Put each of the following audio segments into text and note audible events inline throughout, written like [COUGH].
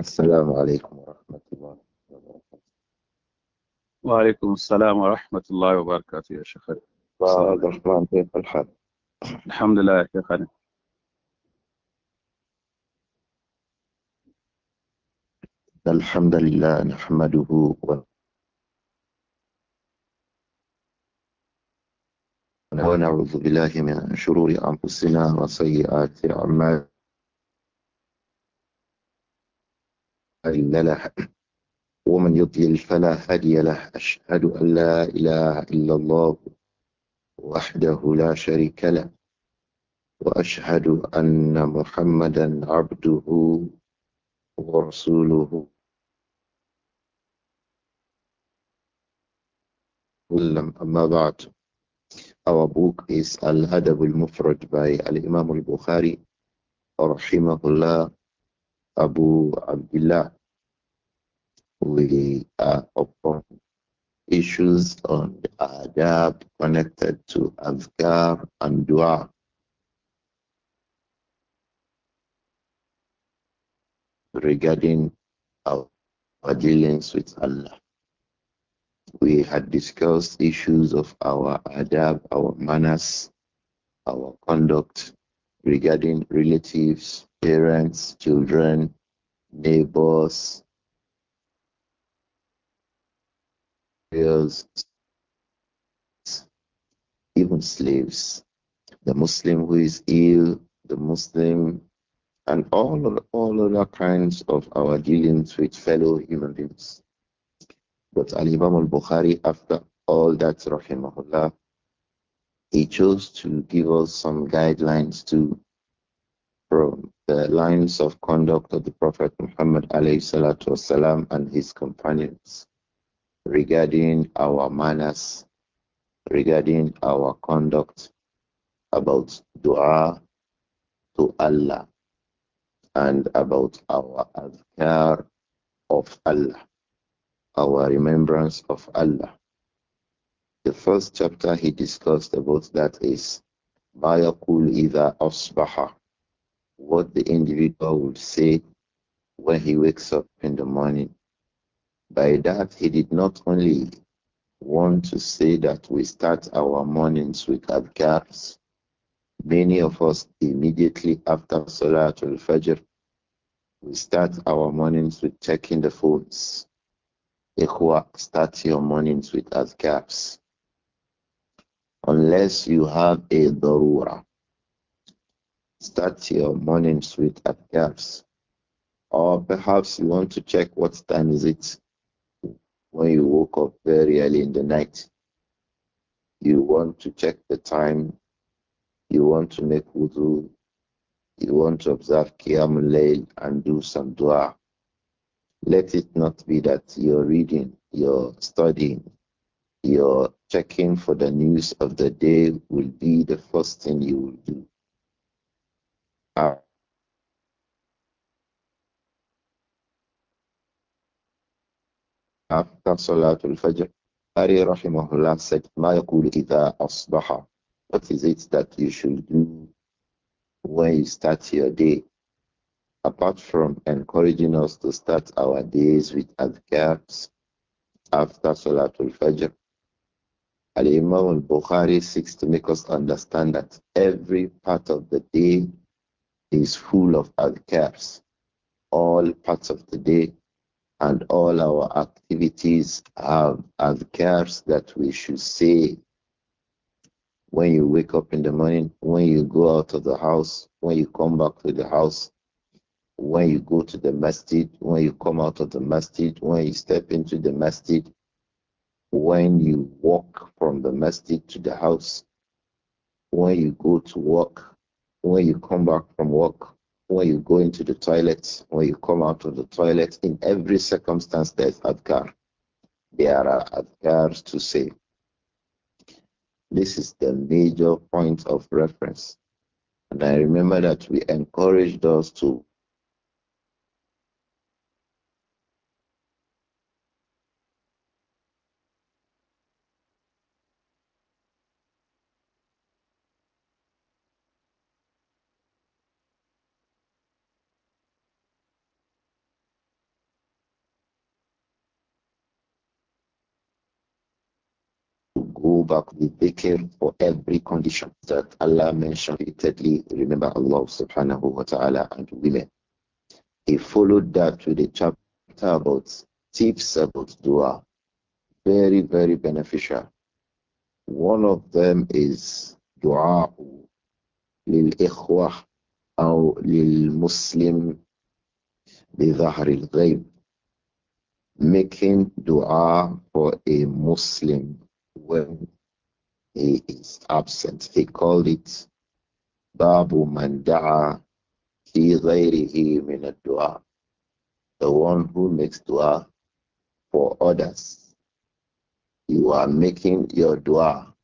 السلام عليكم ورحمة الله وبركاته وعليكم السلام ورحمة الله وبركاته يا شيخ الله الرحمن كيف الحال؟ الحمد لله يا شيخ علي الحمد لله نحمده ونعوذ بالله من شرور أنفسنا وسيئات أعمالنا مضل له ومن يضلل فلا هادي له أشهد أن لا إله إلا الله وحده لا شريك له وأشهد أن محمدا عبده ورسوله وسلم أما بعد Our book is Al-Adab al-Mufrad by Al-Imam al-Bukhari rahimahullah Abu Abdullah. We are uh, upon issues on the adab connected to azkar and dua. Regarding our, our dealings with Allah, we had discussed issues of our adab, our manners, our conduct regarding relatives, parents, children, neighbors, even slaves, the Muslim who is ill, the Muslim, and all all other kinds of our dealings with fellow human beings. But Al Imam al Bukhari, after all that, rahimahullah, he chose to give us some guidelines to from the lines of conduct of the Prophet Muhammad والسلام, and his companions regarding our manners, regarding our conduct about dua to Allah and about our adhkar of Allah, our remembrance of Allah. The first chapter he discussed about that is ما Ida إذا what the individual would say when he wakes up in the morning. By that, he did not only want to say that we start our mornings with adhkars. Many of us immediately after al Fajr, we start our mornings with checking the phones. Ikhwa, start your mornings with adhkars. Unless you have a darura, Start your mornings with adhkars. Or perhaps you want to check what time is it when you woke up very early in the night. You want to check the time. You want to make wudu. You want to observe Qiyamul Layl and do some dua. Let it not be that you're reading, you're studying, you're checking for the news of the day will be the first thing you will do. Uh, after Salatul Fajr, Ari Rahimahullah said, What is it that you should do when you start your day? Apart from encouraging us to start our days with adhkars after Salatul Fajr, Al Imam al Bukhari seeks to make us understand that every part of the day is full of caps All parts of the day and all our activities have caps that we should say when you wake up in the morning, when you go out of the house, when you come back to the house, when you go to the masjid, when you come out of the masjid, when you step into the masjid, when you walk from the masjid to the house, when you go to work, when you come back from work, when you go into the toilet, when you come out of the toilet, in every circumstance there's adkar. There are adkars to say. This is the major point of reference. And I remember that we encouraged us to back the dhikr for every condition that Allah mentioned. Thirdly, remember Allah subhanahu wa ta'ala and women. He followed that with a chapter about tips about dua. Very, very beneficial. One of them is dua للإخوة أو للمسلم بظهر الغيب making dua for a Muslim when he is absent. He called it Babu Manda'a fi ghayrihi min dua The one who makes dua for others. You are making your dua.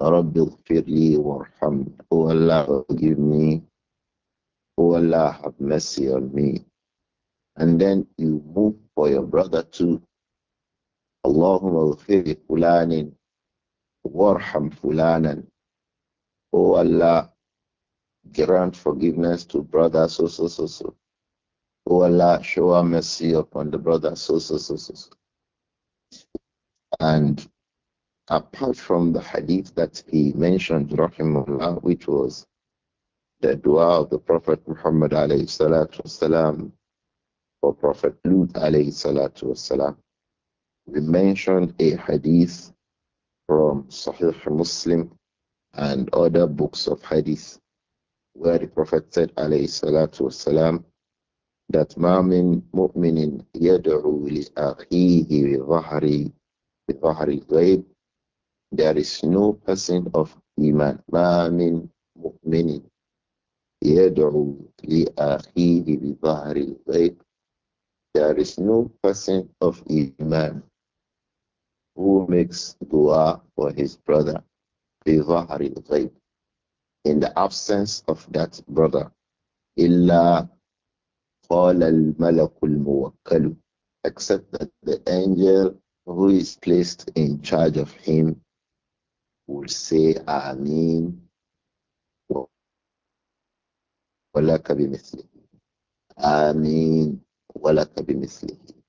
Rabbi firli warhamni. Allah, forgive me. O Allah, have mercy on me. And then you move for your brother too. Allahumma ghafiri fulanin Warham fulanan. Oh Allah, grant forgiveness to brother so so so so. Oh Allah, show mercy upon the brother so so so so. so. And apart from the hadith that he mentioned, rahimullah, which was the dua of the Prophet Muhammad alayhi or Prophet Lut alayhi we mentioned a hadith from Sahih Muslim and other books of hadith where the Prophet said alayhi salatu wasalam that "Ma'min mu'minin yad'u li akhihi bi dhahri bi dhahri ghaib there is no person of iman Ma'min mu'minin yad'u li akhihi bi dhahri ghaib there is no person of iman who makes dua for his brother in the absence of that brother إلا al-malakul الموكل except that the angel who is placed in charge of him will say Ameen ولك بمثله آمين ولك بمثله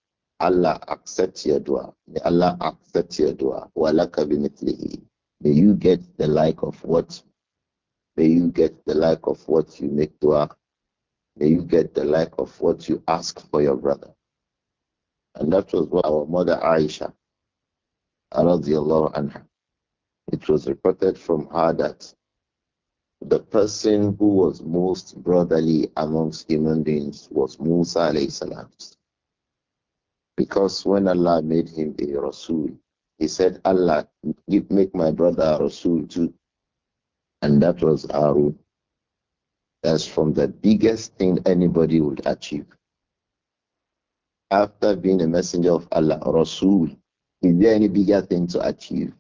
Allah accept your dua. May Allah accept your dua. Walaka bimithlihi. May you get the like of what may you get the like of what you make dua. May you get the like of what you ask for your brother. And that was what our mother Aisha anha. It was reported from her that the person who was most brotherly amongst human beings was Musa alayhi salam. Because when Allah made him a Rasul, he said, Allah, make my brother a Rasul too. And that was Harun. That's from the biggest thing anybody would achieve. After being a messenger of Allah, Rasul, is there any bigger thing to achieve?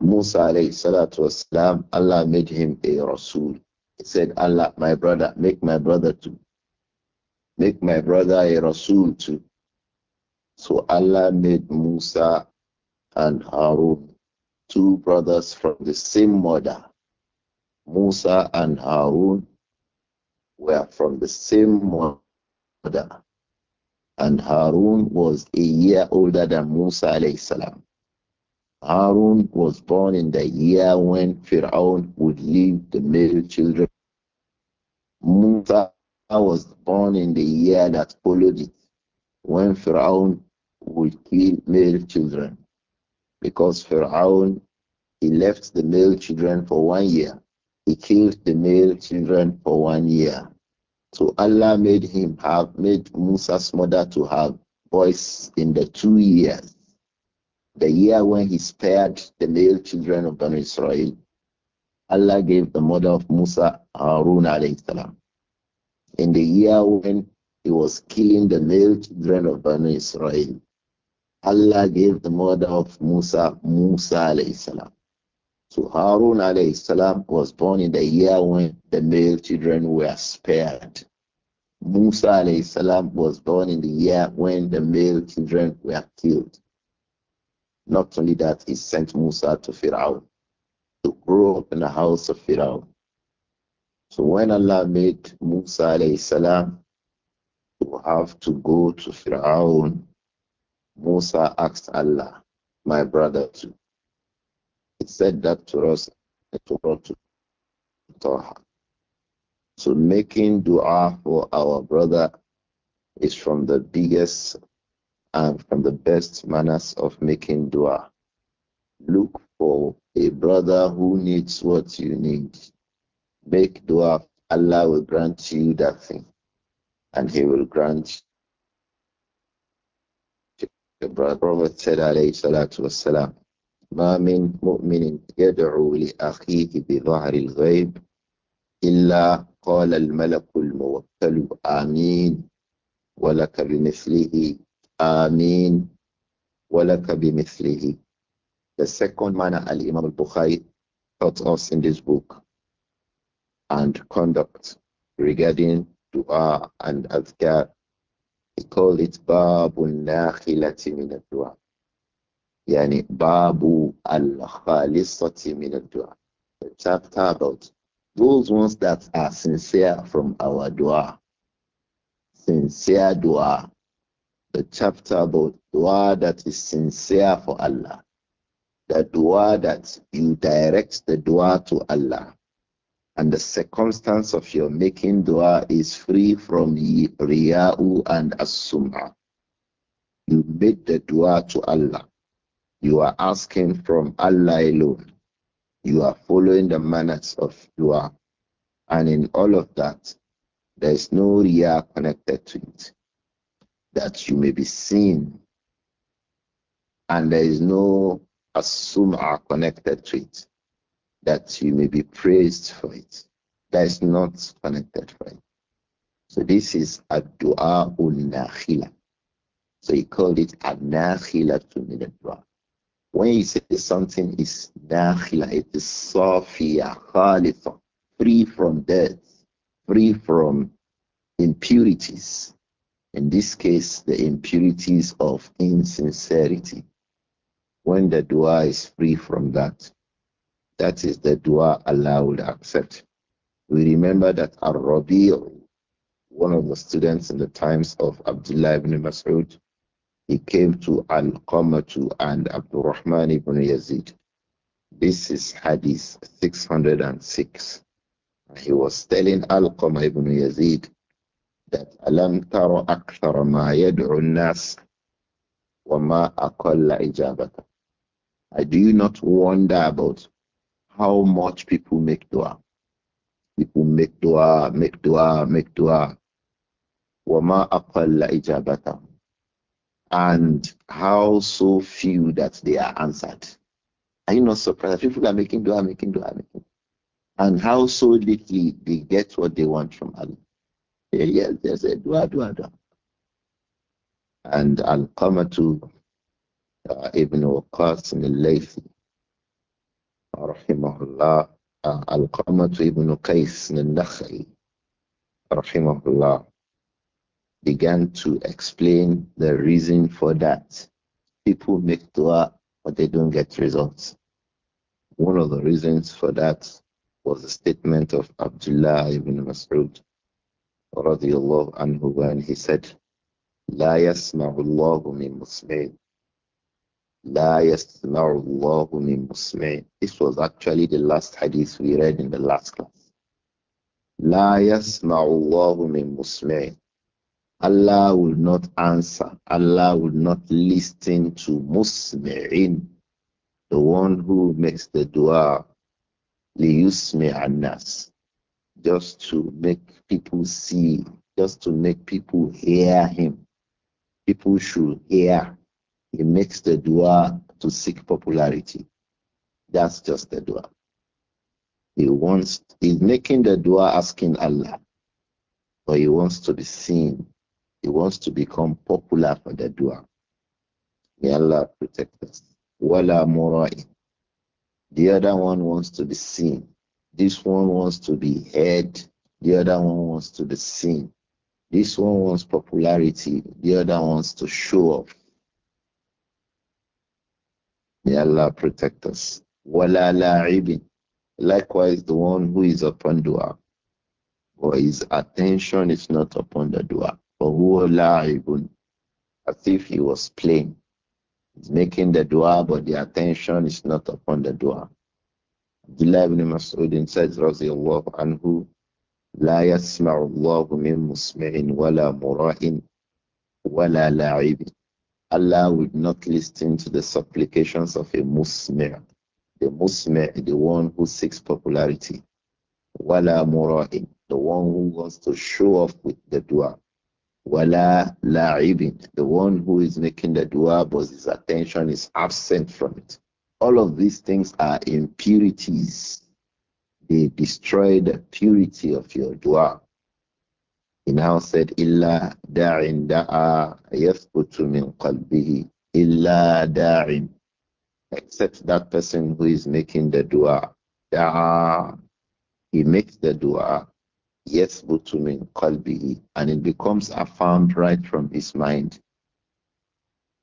Musa alayhi salatu wasalam, Allah made him a Rasul. He said, Allah, my brother, make my brother too. Make my brother a Rasul too. So Allah made Musa and Harun, two brothers from the same mother. Musa and Harun were from the same mother. And Harun was a year older than Musa alayhi salam. Harun was born in the year when Fir'aun would leave the male children. Musa was born in the year that followed it when Pharaoh would kill male children. Because Pharaoh he left the male children for one year. He killed the male children for one year. So Allah made him have, made Musa's mother to have boys in the two years. The year when he spared the male children of Banu Israel, Allah gave the mother of Musa, Harun alayhi salam. In the year when he was killing the male children of Bani Israel. Allah gave the mother of Musa, Musa alayhi salam. So Harun alayhi salam was born in the year when the male children were spared. Musa alayhi salam was born in the year when the male children were killed. Not only that, he sent Musa to Pharaoh to grow up in the house of Pharaoh. So when Allah made Musa alayhi salam have to go to Firaun, Musa asked Allah, my brother too. He said that to us, to Torah. So making dua for our brother is from the biggest and from the best manners of making dua. Look for a brother who needs what you need. Make dua. Allah will grant you that thing and he will grant the brother. Prophet said alayhi salatu wasalam, ما من مؤمن يدعو لأخيه بظهر الغيب إلا قال الملك الموكل آمين ولك بمثله آمين ولك بمثله The second manner Al-Imam al-Bukhari taught us in this book and conduct regarding dua and azkar. He called it Babun Nakhilati min dua Yani Babu al-Khalisati min dua The chapter about those ones that are sincere from our dua. Sincere dua. The chapter about dua that is sincere for Allah. The dua that you direct the dua to Allah and the circumstance of your making dua is free from riya'u and as You made the dua to Allah. You are asking from Allah alone. You are following the manners of dua. And in all of that, there is no riya connected to it. That you may be seen. And there is no as connected to it that you may be praised for it. That is not connected for it. So this is a dua unnakhila. So he called it a nakhila to min dua. When he says something is nakhila, it is safiya, khalifa, free from death, free from impurities. In this case, the impurities of insincerity. When the dua is free from that, that is the dua Allah will accept. We remember that Ar-Rabi' one of the students in the times of Abdullah ibn Mas'ud, he came to Al-Qamatu and Rahman ibn Yazid. This is Hadith 606. He was telling Al-Qama ibn Yazid that Alam taro akthara ma yad'u nas wa ma aqalla ijabata. Do you not wonder about how much people make dua. People make dua, make dua, make dua. وَمَا أَقَلَّ إِجَابَةً And how so few that they are answered. Are you not surprised? People are making dua, making dua, making And how so little they get what they want from Allah. Yes, they say dua, dua, dua. And Al-Qamatu uh, Ibn Waqas in the Laythi رحمه الله القامة ibn Qais al-Nakhl رحمه الله began to explain the reason for that. People make dua, but they don't get results. One of the reasons for that was the statement of Abdullah ibn Mas'ud radiallahu anhu when he said, لا يسمع الله من مسلم this was actually the last hadith we read in the last class. La yasma'ullahu min musmi'in. Allah will not answer. Allah will not listen to musmi'in, the one who makes the dua liyusmi'annas, just to make people see, just to make people hear him. People should hear he makes the dua to seek popularity. That's just the dua. He wants, he's making the dua asking Allah, but he wants to be seen. He wants to become popular for the dua. May Allah protect us. Wala mura'i. The other one wants to be seen. This one wants to be heard. The other one wants to be seen. This one wants popularity. The other wants to show off. May Allah protect us. Wala la'ibin. Likewise, the one who is upon dua, or his attention is not upon the dua. For who la'ibun, as if he was playing. He's making the dua, but the attention is not upon the dua. Abdullah ibn Mas'ud says, اللَّهُ anhu, لا يسمع الله من مسمع ولا مُرَاهِنٍ ولا لاعب Allah would not listen to the supplications of a musmir. The musmir, the one who seeks popularity. Wala mura'in, the one who wants to show off with the dua. Wala la'ibin, the one who is making the dua but his attention is absent from it. All of these things are impurities. They destroy the purity of your dua. He now said, Illa da'in da'a yathbutu min qalbihi. Illa da'in. Except that person who is making the dua. Da'a. He makes the dua. Yathbutu min qalbihi. And it becomes affirmed right from his mind.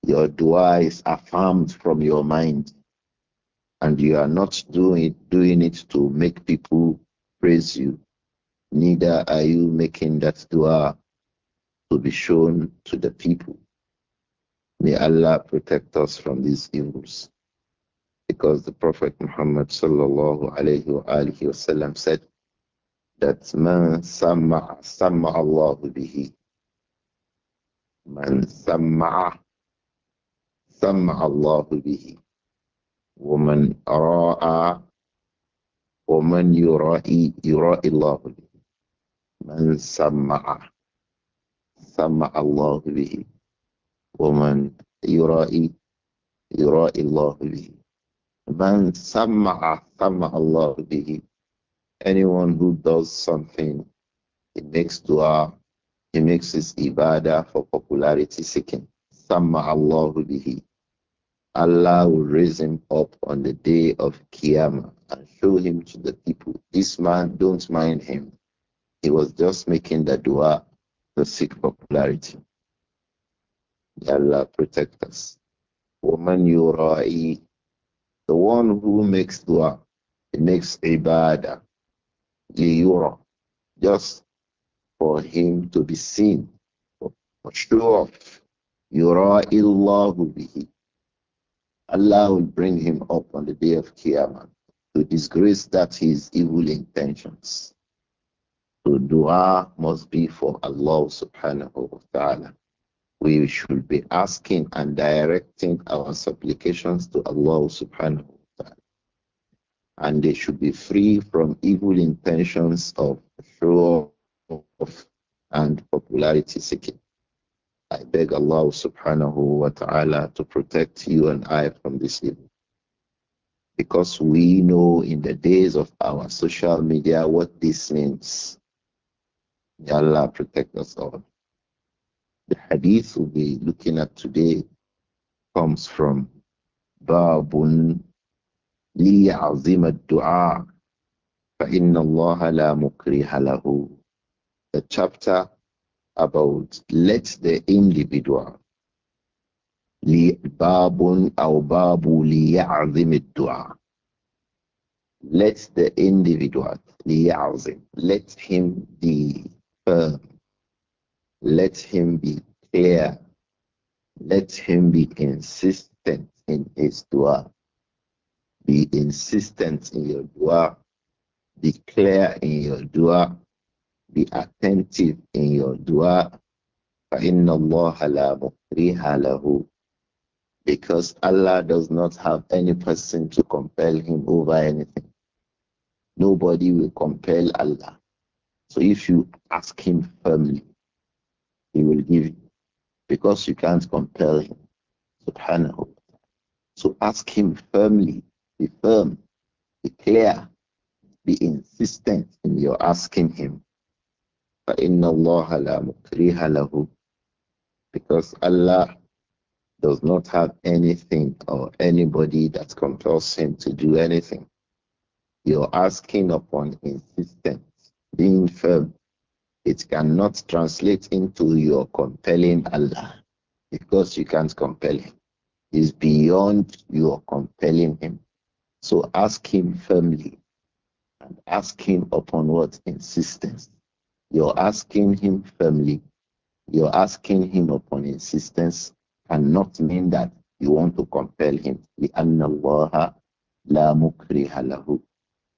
Your dua is affirmed from your mind. And you are not doing doing it to make people praise you neither are you making that dua to be shown to the people. May Allah protect us from these evils. Because the Prophet Muhammad sallallahu alayhi wa alihi wasallam said that man sama sama Allah bihi. Man sama sama Allah bihi. Woman ra'a woman yura'i yura'i Allah. bihi. من سمع سمع الله به ومن يرائي يرائي الله به من سمع سمع الله به anyone who does something he makes dua he makes his ibadah for popularity seeking سمع الله به Allah will raise him up on the day of Qiyamah and show him to the people. This man, don't mind him. He was just making the dua to seek popularity. Allah protect us. Woman yura'i, the one who makes dua, he makes ibadah, liyura, just for him to be seen, for sure Allah yura'i Allahu bihi. Allah will bring him up on the day of Qiyamah to disgrace that his evil intentions. So dua must be for Allah subhanahu wa ta'ala. We should be asking and directing our supplications to Allah subhanahu wa ta'ala. And they should be free from evil intentions of show off and popularity seeking. I beg Allah subhanahu wa ta'ala to protect you and I from this evil. Because we know in the days of our social media what this means May Allah protect us all. The hadith we'll be looking at today comes from Babun al-dua, فإن الله لا مكره له The chapter about let the individual باب أو باب ليعظم dua Let the individual ليعظم Let him be firm. Let him be clear. Let him be insistent in his dua. Be insistent in your dua. Be clear in your dua. Be attentive in your dua. Because Allah does not have any person to compel him over anything. Nobody will compel Allah. So if you ask him firmly, he will give you because you can't compel him. Subhanahu. So ask him firmly, be firm, be clear, be insistent in your asking him. Because Allah does not have anything or anybody that compels him to do anything. You're asking upon insistence being firm, it cannot translate into your compelling Allah because you can't compel him. He's beyond your compelling him. So ask him firmly and ask him upon what insistence. You're asking him firmly. You're asking him upon insistence cannot mean that you want to compel him. لأن الله لا مكره له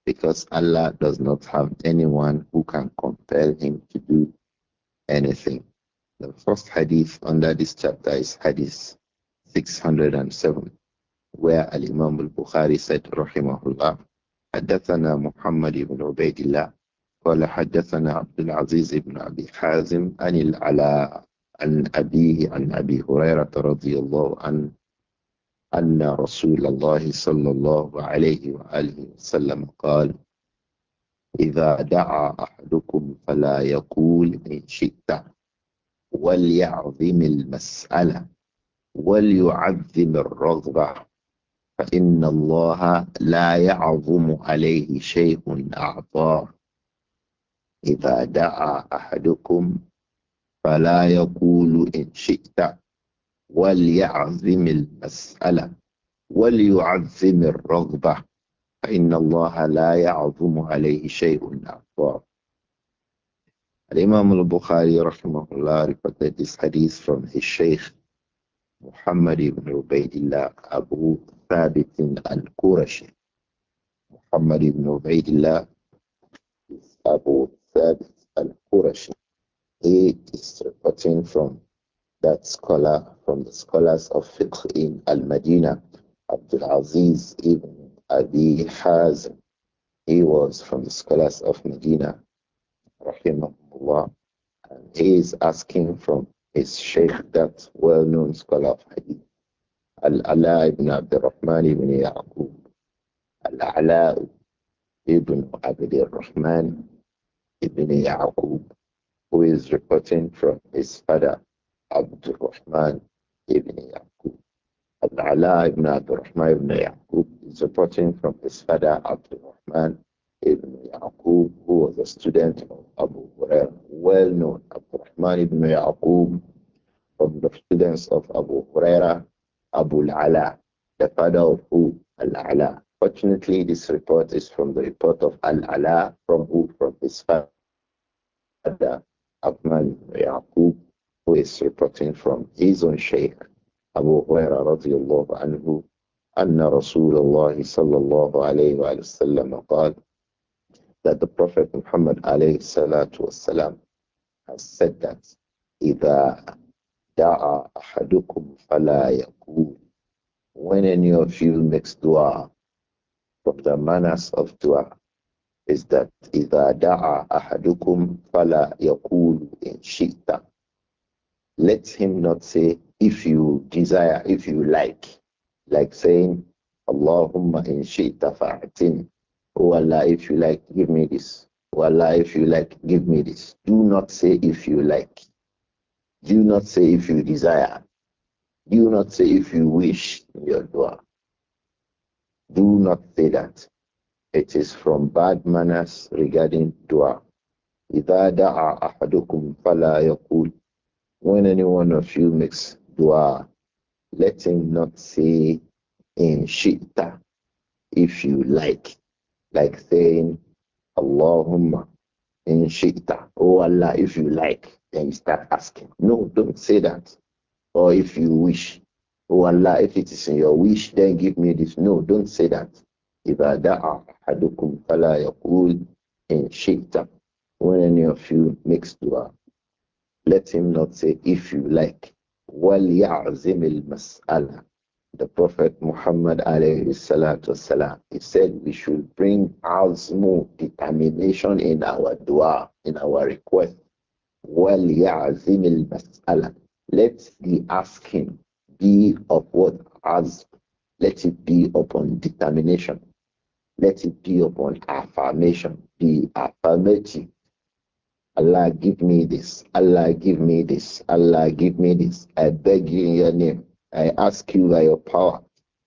because Allah does not have anyone who can compel him to do anything. The first hadith under this chapter is hadith 607, where Al Imam al Bukhari said, Rahimahullah, حدثنا محمد بن عبيد الله قال حدثنا عبد العزيز بن أبي حازم عن العلاء عن أبيه عن أبي هريرة رضي الله عنه أن رسول الله صلى الله عليه وآله وسلم قال إذا دعا أحدكم فلا يقول إن شئت وليعظم المسألة وليعظم الرغبة فإن الله لا يعظم عليه شيء أعطاه إذا دعا أحدكم فلا يقول إن شئت وليعظم المسألة وليعظم الرغبة فإن الله لا يعظم عليه شيء أكبر Imam al-Bukhari rahimahullah reported this hadith from his Shaykh Muhammad ibn Ubaidillah Abu Thabit al-Qurashi. Muhammad ibn Ubaidillah is Abu Thabit al-Qurashi. He is reporting from that scholar from the scholars of fiqh in Al-Madinah, Abdul Aziz ibn Abi Hazm. He was from the scholars of Medina, rahimahullah. And he is asking from his sheikh, that well-known scholar of hadith, Al-Ala ibn Abdurrahman ibn Yaqub, Al-Ala ibn Abdurrahman ibn Yaqub, who is reporting from his father, عبد الرحمن ibn Yaqub. Al-Ala ibn Abdul Rahman ibn Yaqub is reporting from his father Abdul Rahman ibn Yaqub, who was a student of Abu Hurairah, well known Abdul Rahman ibn Yaqub, from the students of Abu Hurairah, Abu Al-Ala, the father of who? Al-Ala. Fortunately, this report is from the report of Al-Ala, from who? From his father, Abdul Rahman ibn Yaqub, who is reporting from his own Shaykh Abu Huraira radiallahu anhu أن رسول الله صلى الله عليه وآله وسلم قال that the Prophet Muhammad عليه الصلاة والسلام has said that إذا دعا أحدكم فلا يقول when any of you makes dua from the manners of dua is that إذا دعا أحدكم فلا يقول إن شئت let him not say, if you desire, if you like, like saying, Allahumma in shi'ta fa'atin. Oh Allah, if you like, give me this. Oh Allah, if you like, give me this. Do not say if you like. Do not say if you desire. Do not say if you wish in your dua. Do not say that. It is from bad manners regarding dua. إذا دعا أحدكم فلا يقول when any one of you makes dua, let him not say in shita if you like, like saying Allahumma in shita, oh Allah, if you like, then you start asking. No, don't say that. Or if you wish, oh Allah, if it is in your wish, then give me this. No, don't say that. If دعا fala فلا يقول in شئت when any of you makes dua let him not say, if you like. zimil masala. The Prophet Muhammad والسلام, he said we should bring azmu, determination in our dua, in our request. zimil masala. Let the asking be of what azm. Let it be upon determination. Let it be upon affirmation. Be affirmative Allah, give me this. Allah, give me this. Allah, give me this. I beg you in your name. I ask you by your power.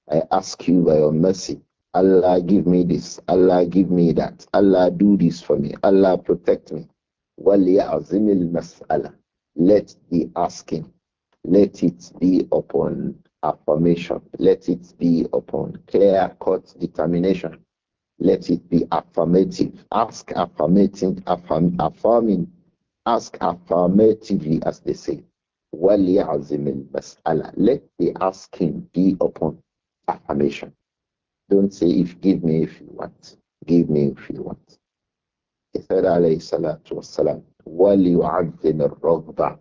I ask you by your mercy. Allah, give me this. Allah, give me that. Allah, do this for me. Allah, protect me. mas'ala. Let the asking, let it be upon affirmation. Let it be upon clear cut determination. Let it be affirmative. Ask affirmative, affirm, affirming. Ask affirmatively, as they say. Let the asking be upon affirmation. Don't say, if give me if you want. Give me if you want. He said, alayhi salatu wassalam, وَلِيُعَذِّمِ الرَّغْبَةِ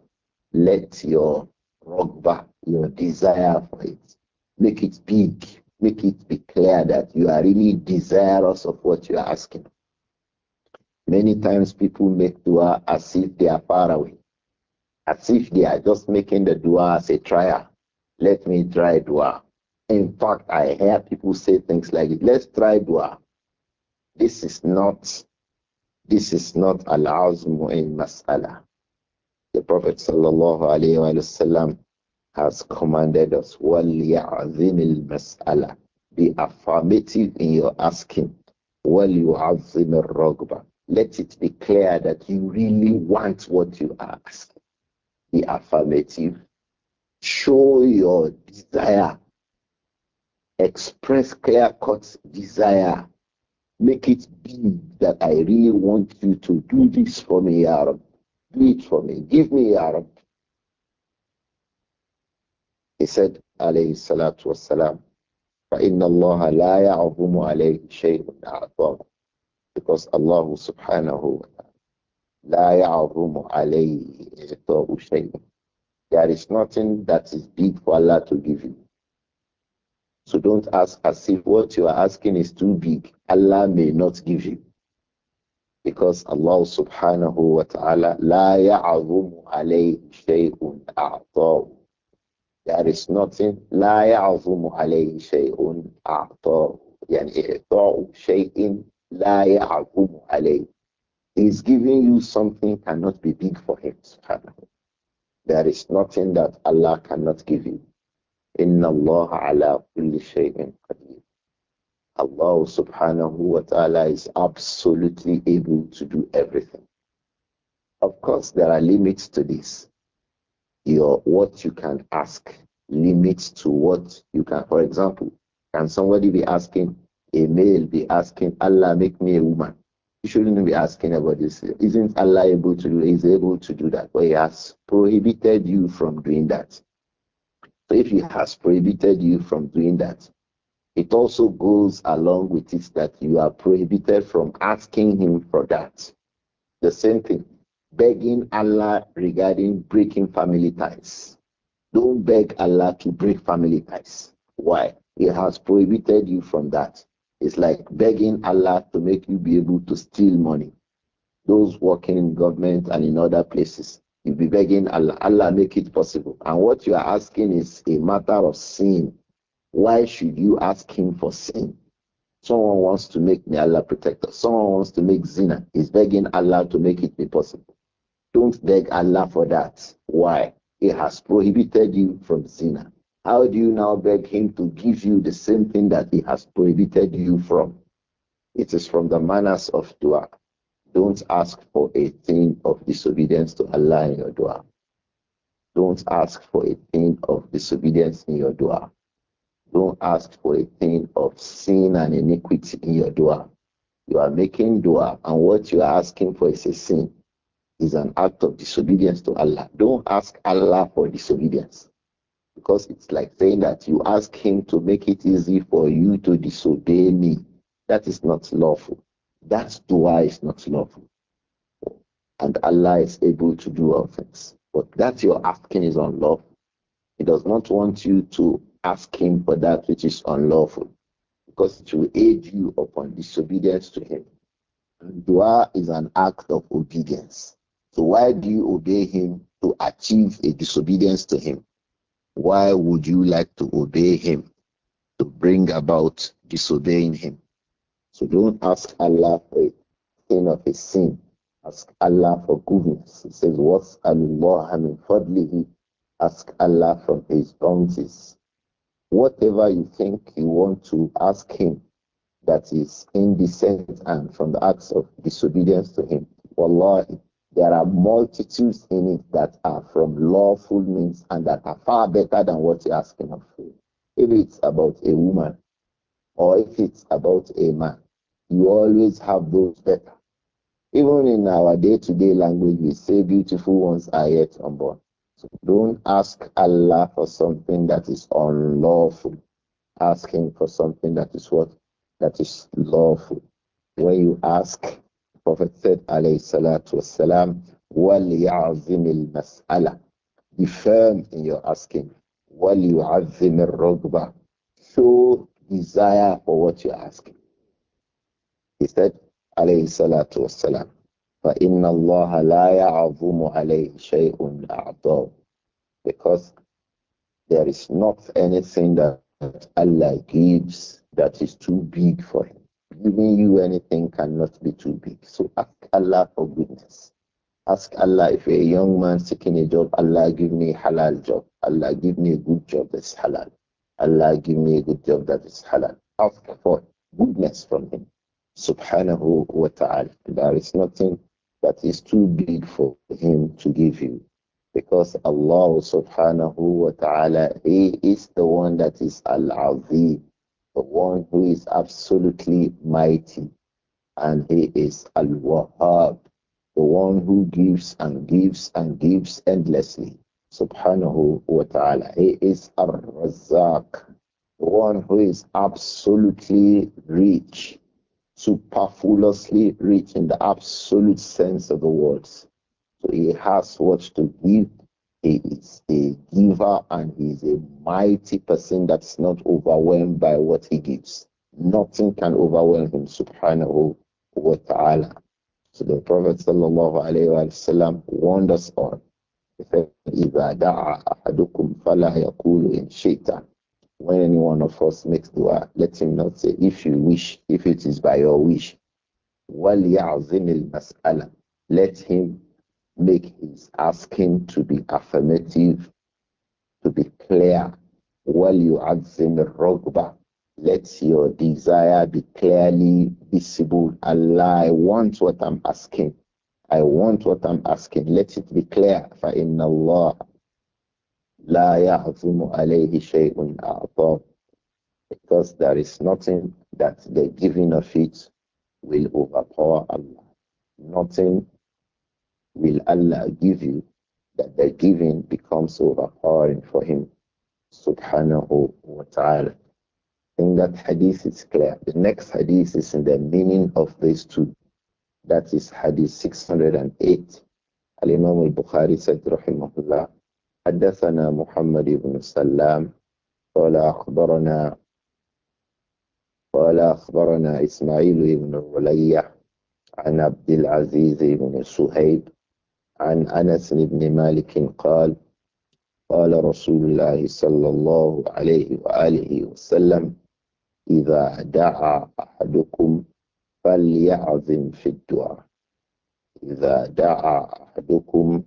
Let your rogba, your desire for it, make it big, make it be clear that you are really desirous of what you are asking. Many times people make dua as if they are far away, as if they are just making the dua as a trial. Let me try dua. In fact, I hear people say things like, let's try dua. This is not, this is not al-azmu in mas'ala. The Prophet sallallahu alayhi wa sallam has commanded us, وَلْيَعْذِمِ الْمَسْأَلَةِ Be affirmative in your asking. وَلْيُعَظِّمِ الرَّغْبَةِ Let it be clear that you really want what you ask. Be affirmative. Show your desire. Express clear-cut desire. Make it be that I really want you to do this for me, Arab. Do it for me. Give me, Arab he said, alayhi salatu wassalam, فَإِنَّ اللَّهَ لَا يَعْظُمُ عَلَيْهِ شَيْءٌ أَعْظَمُ Because Allah subhanahu wa ta'ala, لَا يَعْظُمُ عَلَيْهِ إِعْطَاءُ شَيْءٌ There is nothing that is big for Allah to give you. So don't ask as if what you are asking is too big. Allah may not give you. Because Allah subhanahu wa ta'ala, لَا يَعْظُمُ عَلَيْهِ شَيْءٌ أَعْطَاءُ there is nothing لا يعظم عليه شيء أعطاه يعني أعطاه شيء لا يعظم عليه He's giving you something cannot be big for him There is nothing that Allah cannot give you إن الله على كل شيء قدير Allah subhanahu wa ta'ala is absolutely able to do everything. Of course, there are limits to this your what you can ask limits to what you can. For example, can somebody be asking a male be asking Allah make me a woman? You shouldn't be asking about this. Isn't Allah able to do? Is able to do that? But He has prohibited you from doing that. So if He has prohibited you from doing that, it also goes along with it that you are prohibited from asking Him for that. The same thing begging Allah regarding breaking family ties. Don't beg Allah to break family ties. Why? He has prohibited you from that. It's like begging Allah to make you be able to steal money. Those working in government and in other places, you'll be begging Allah, Allah make it possible. And what you are asking is a matter of sin. Why should you ask Him for sin? Someone wants to make me Allah protector. Someone wants to make zina. He's begging Allah to make it be possible. Don't beg Allah for that. Why? He has prohibited you from zina. How do you now beg Him to give you the same thing that He has prohibited you from? It is from the manners of dua. Don't ask for a thing of disobedience to Allah in your dua. Don't ask for a thing of disobedience in your dua. Don't ask for a thing of sin and iniquity in your dua. You are making dua, and what you are asking for is a sin is an act of disobedience to Allah. Don't ask Allah for disobedience because it's like saying that you ask Him to make it easy for you to disobey me. That is not lawful. That dua is not lawful. And Allah is able to do all things. But that you're asking is unlawful. He does not want you to ask Him for that which is unlawful because it will aid you upon disobedience to Him. And dua is an act of obedience. So why do you obey him to achieve a disobedience to him? Why would you like to obey him to bring about disobeying him? So don't ask Allah for a sin of a sin. Ask Allah for goodness. He says, What's Allah min fadlihi? Ask Allah from his bounties. Whatever you think you want to ask him that is indecent and from the acts of disobedience to him, Wallahi, there are multitudes in it that are from lawful means and that are far better than what you're asking of. If it's about a woman or if it's about a man, you always have those better. Even in our day to day language, we say beautiful ones are yet unborn. So don't ask Allah for something that is unlawful. Ask Him for something that is what? That is lawful. When you ask, Prophet said, alayhi salatu wasalam, وَلْيَعْظِمِ الْمَسْأَلَةِ Be firm in your asking. وَلْيُعَظِّمِ الرَّغْبَةِ Show desire for what you're asking. He said, alayhi salatu wasalam, فَإِنَّ اللَّهَ لَا يَعْظُمُ عَلَيْهِ شَيْءٌ أَعْضَاهُ Because there is not anything that Allah gives that is too big for him giving you anything cannot be too big. So ask Allah for goodness. Ask Allah if a young man seeking a job, Allah give me a halal job. Allah give me a good job that's halal. Allah give me a good job that is halal. Ask for goodness from Him. Subhanahu wa ta'ala. There is nothing that is too big for Him to give you. Because Allah subhanahu wa ta'ala, He is the one that is Al Azim the one who is absolutely mighty, and he is Al Wahhab, the one who gives and gives and gives endlessly. Subhanahu wa ta'ala. He is Al Razak, the one who is absolutely rich, superfluously rich in the absolute sense of the words. So he has what to give he is a giver and he is a mighty person that's not overwhelmed by what he gives. Nothing can overwhelm him, subhanahu wa ta'ala. So the Prophet sallallahu alayhi wa warned us all. When any one of us makes dua, let him not say, if you wish, if it is by your wish. Let him make his asking to be affirmative, to be clear. While you azim rogba, let your desire be clearly visible. Allah, I want what I'm asking. I want what I'm asking. Let it be clear. فَإِنَّ اللَّهَ لَا يَعْظِمُ عَلَيْهِ شَيْءٌ أَعْطَاهُ Because there is nothing that the giving of it will overpower Allah. Nothing will Allah give you that the giving becomes overpowering for him. Subhanahu wa ta'ala. In that hadith it's clear. The next hadith is in the meaning of these two. That is hadith 608. Al-Imam al-Bukhari said, rahimahullah, حدثنا محمد بن سلام قال أخبرنا قال أخبرنا إسماعيل بن علية عن عبد العزيز بن سهيب عن أنس بن مالك قال قال رسول الله صلى الله عليه وآله وسلم إذا دعا أحدكم فليعظم في الدعاء إذا دعا أحدكم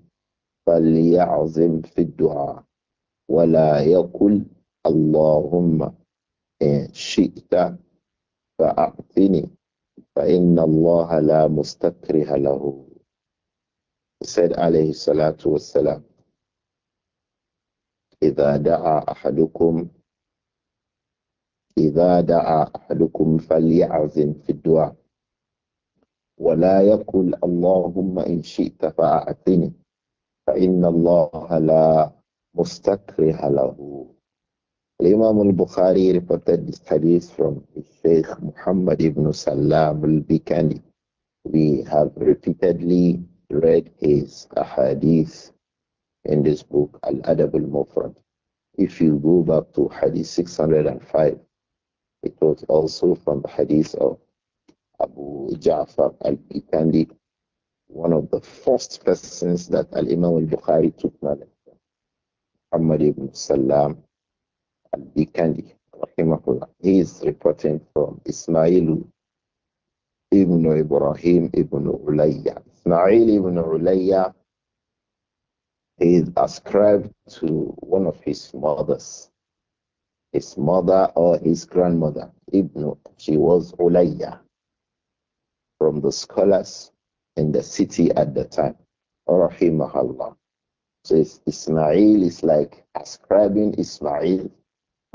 فليعظم في الدعاء ولا يقل اللهم إن شئت فأعطني فإن الله لا مستكره له said alayhi salatu wassalam, إذا دعا أحدكم إذا دعا أحدكم فليعزم في الدعاء ولا يقل اللهم إن شئت فأعطني فإن الله لا مستكره له الإمام Bukhari reported this hadith from his Sheikh Muhammad ibn Salam al-Bikani. We have repeatedly read his hadith in this book, Al Adab al Mufrad. If you go back to Hadith 605, it was also from the Hadith of Abu Ja'far al Bikandi, one of the first persons that Al Imam al Bukhari took knowledge from, Muhammad ibn Salam al Bikandi. He is reporting from Ismail ibn Ibrahim ibn Ulayya. Ismail ibn Ulayya is ascribed to one of his mothers, his mother or his grandmother, Ibn. She was Ulayya, from the scholars in the city at the time, Rahimahullah. So Ismail is like ascribing Ismail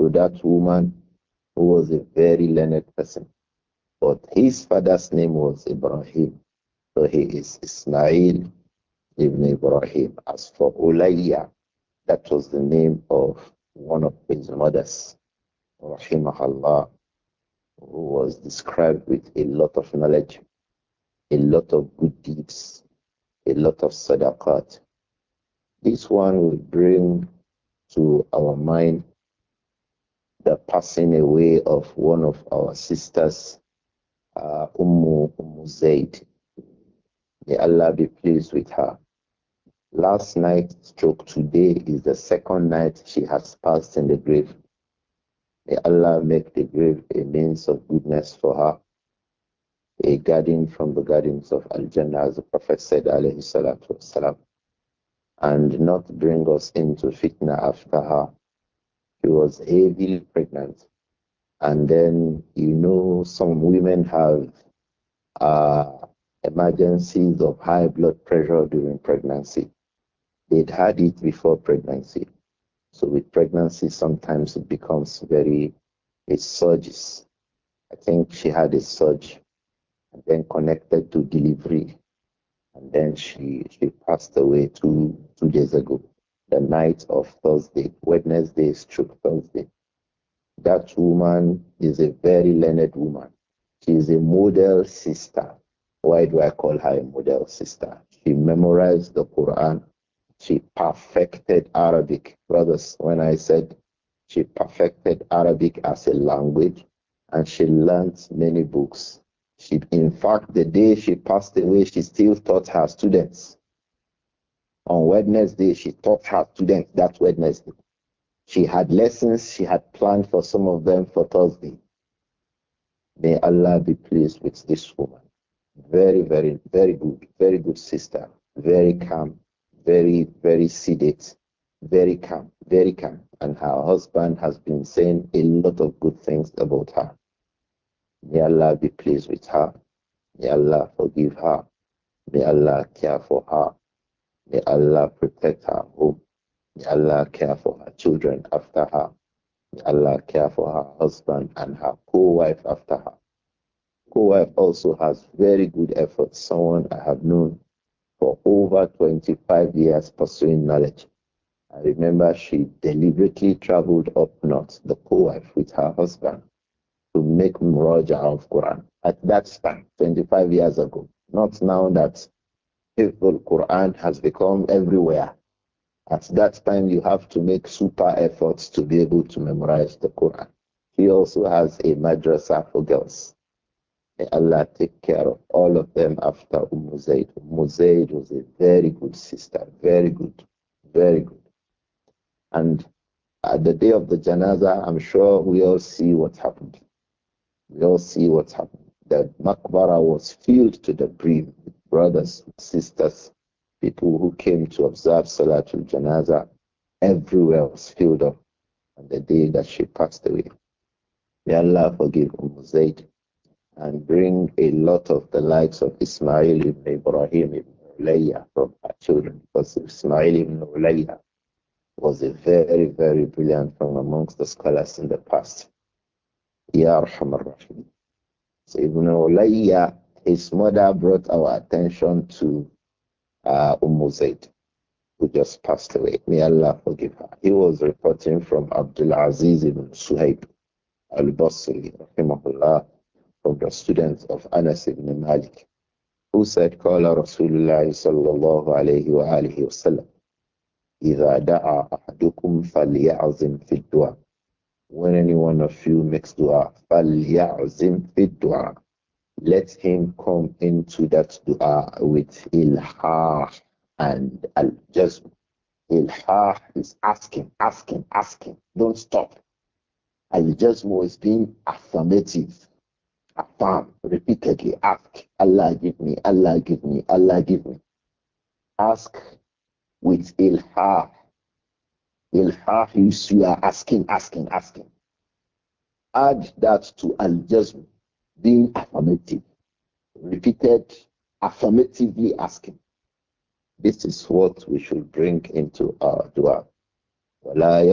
to that woman who was a very learned person. But his father's name was Ibrahim. So he is Ismail ibn Ibrahim. As for Ulayya, that was the name of one of his mothers, Rahimahullah, who was described with a lot of knowledge, a lot of good deeds, a lot of sadaqat. This one will bring to our mind the passing away of one of our sisters uh, Ummu, Ummu Zaid. May Allah be pleased with her. Last night, stroke today, is the second night she has passed in the grave. May Allah make the grave a means of goodness for her, a garden from the gardens of Al Jannah, as the Prophet said, alayhi and not bring us into fitna after her. She was heavily pregnant. And then, you know, some women have uh, emergencies of high blood pressure during pregnancy. They'd had it before pregnancy. So with pregnancy, sometimes it becomes very, it surges. I think she had a surge and then connected to delivery. And then she, she passed away two, two days ago, the night of Thursday, Wednesday stroke Thursday. That woman is a very learned woman. She is a model sister. Why do I call her a model sister? She memorized the Quran. She perfected Arabic. Brothers, when I said she perfected Arabic as a language and she learned many books. She, in fact, the day she passed away, she still taught her students. On Wednesday, she taught her students that Wednesday. She had lessons she had planned for some of them for Thursday. May Allah be pleased with this woman. Very, very, very good, very good sister. Very calm, very, very sedate, very calm, very calm. And her husband has been saying a lot of good things about her. May Allah be pleased with her. May Allah forgive her. May Allah care for her. May Allah protect her home. Allah care for her children after her. Allah care for her husband and her co-wife after her. Co-wife also has very good efforts. Someone I have known for over 25 years pursuing knowledge. I remember she deliberately traveled up north, the co-wife with her husband, to make muraja of Quran at that time, 25 years ago. Not now that Hifzul Quran has become everywhere at that time, you have to make super efforts to be able to memorize the Quran. He also has a madrasa for girls. May Allah take care of all of them after Umm Zaid. Umm Zaid was a very good sister, very good, very good. And at the day of the janaza, I'm sure we all see what happened. We all see what happened. The maqbara was filled to the brim with brothers, sisters, people who came to observe Salatul Janaza everywhere was filled up on the day that she passed away. May Allah forgive Umm and bring a lot of the likes of Ismail ibn Ibrahim ibn Ulayya from her children because Ismail ibn Ulayya was a very, very brilliant from amongst the scholars in the past. Ya So Ibn Ulayya, his mother brought our attention to uh, who just passed away. May Allah forgive her. He was reporting from Abdul Aziz ibn Suhaib al-Basri, rahimahullah, from the students of Anas ibn Malik, who said, Call Rasulullah sallallahu alayhi wa alayhi wa sallam, إِذَا دَعَى أَحَدُكُمْ فَلْيَعْزِمْ فِي الدُّعَى When any one of you makes dua, فَلْيَعْزِمْ فِي الدُّعَى let him come into that dua with ilha and al Ilha is asking, asking, asking. Don't stop. Al just is being affirmative, affirm repeatedly. Ask Allah give me, Allah give me, Allah give me. Ask with ilha. Ilha is you are asking, asking, asking. Add that to al jazm being affirmative, repeated affirmatively asking. This is what we should bring into our dua. Let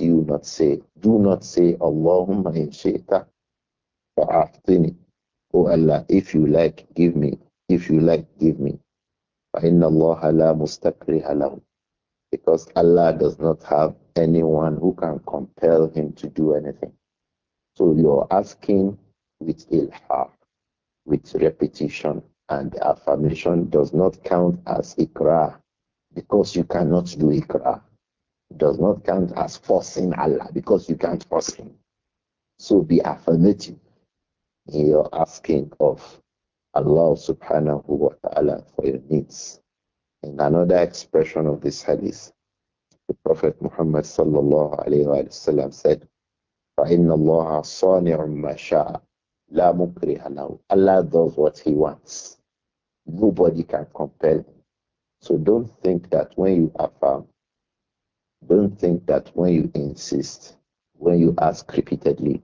you not say, do not say, Allahumma إن shaita فأعطني. O Allah, if you like, give me. If you like, give me. فَإِنَّ اللَّهَ لَا لَهُ Because Allah does not have anyone who can compel him to do anything. So you're asking with ilha, with repetition, and affirmation does not count as ikra because you cannot do ikra. It does not count as forcing Allah because you can't force him. So be affirmative in your asking of Allah subhanahu wa ta'ala for your needs. And another expression of this hadith, the Prophet Muhammad sallallahu alayhi wa sallam said, فَإِنَّ اللَّهَ صَانِعٌ مَا شَاءَ لَا مُكْرِهَ لَهُ Allah does what he wants. Nobody can compel him. So don't think that when you affirm, don't think that when you insist, when you ask repeatedly,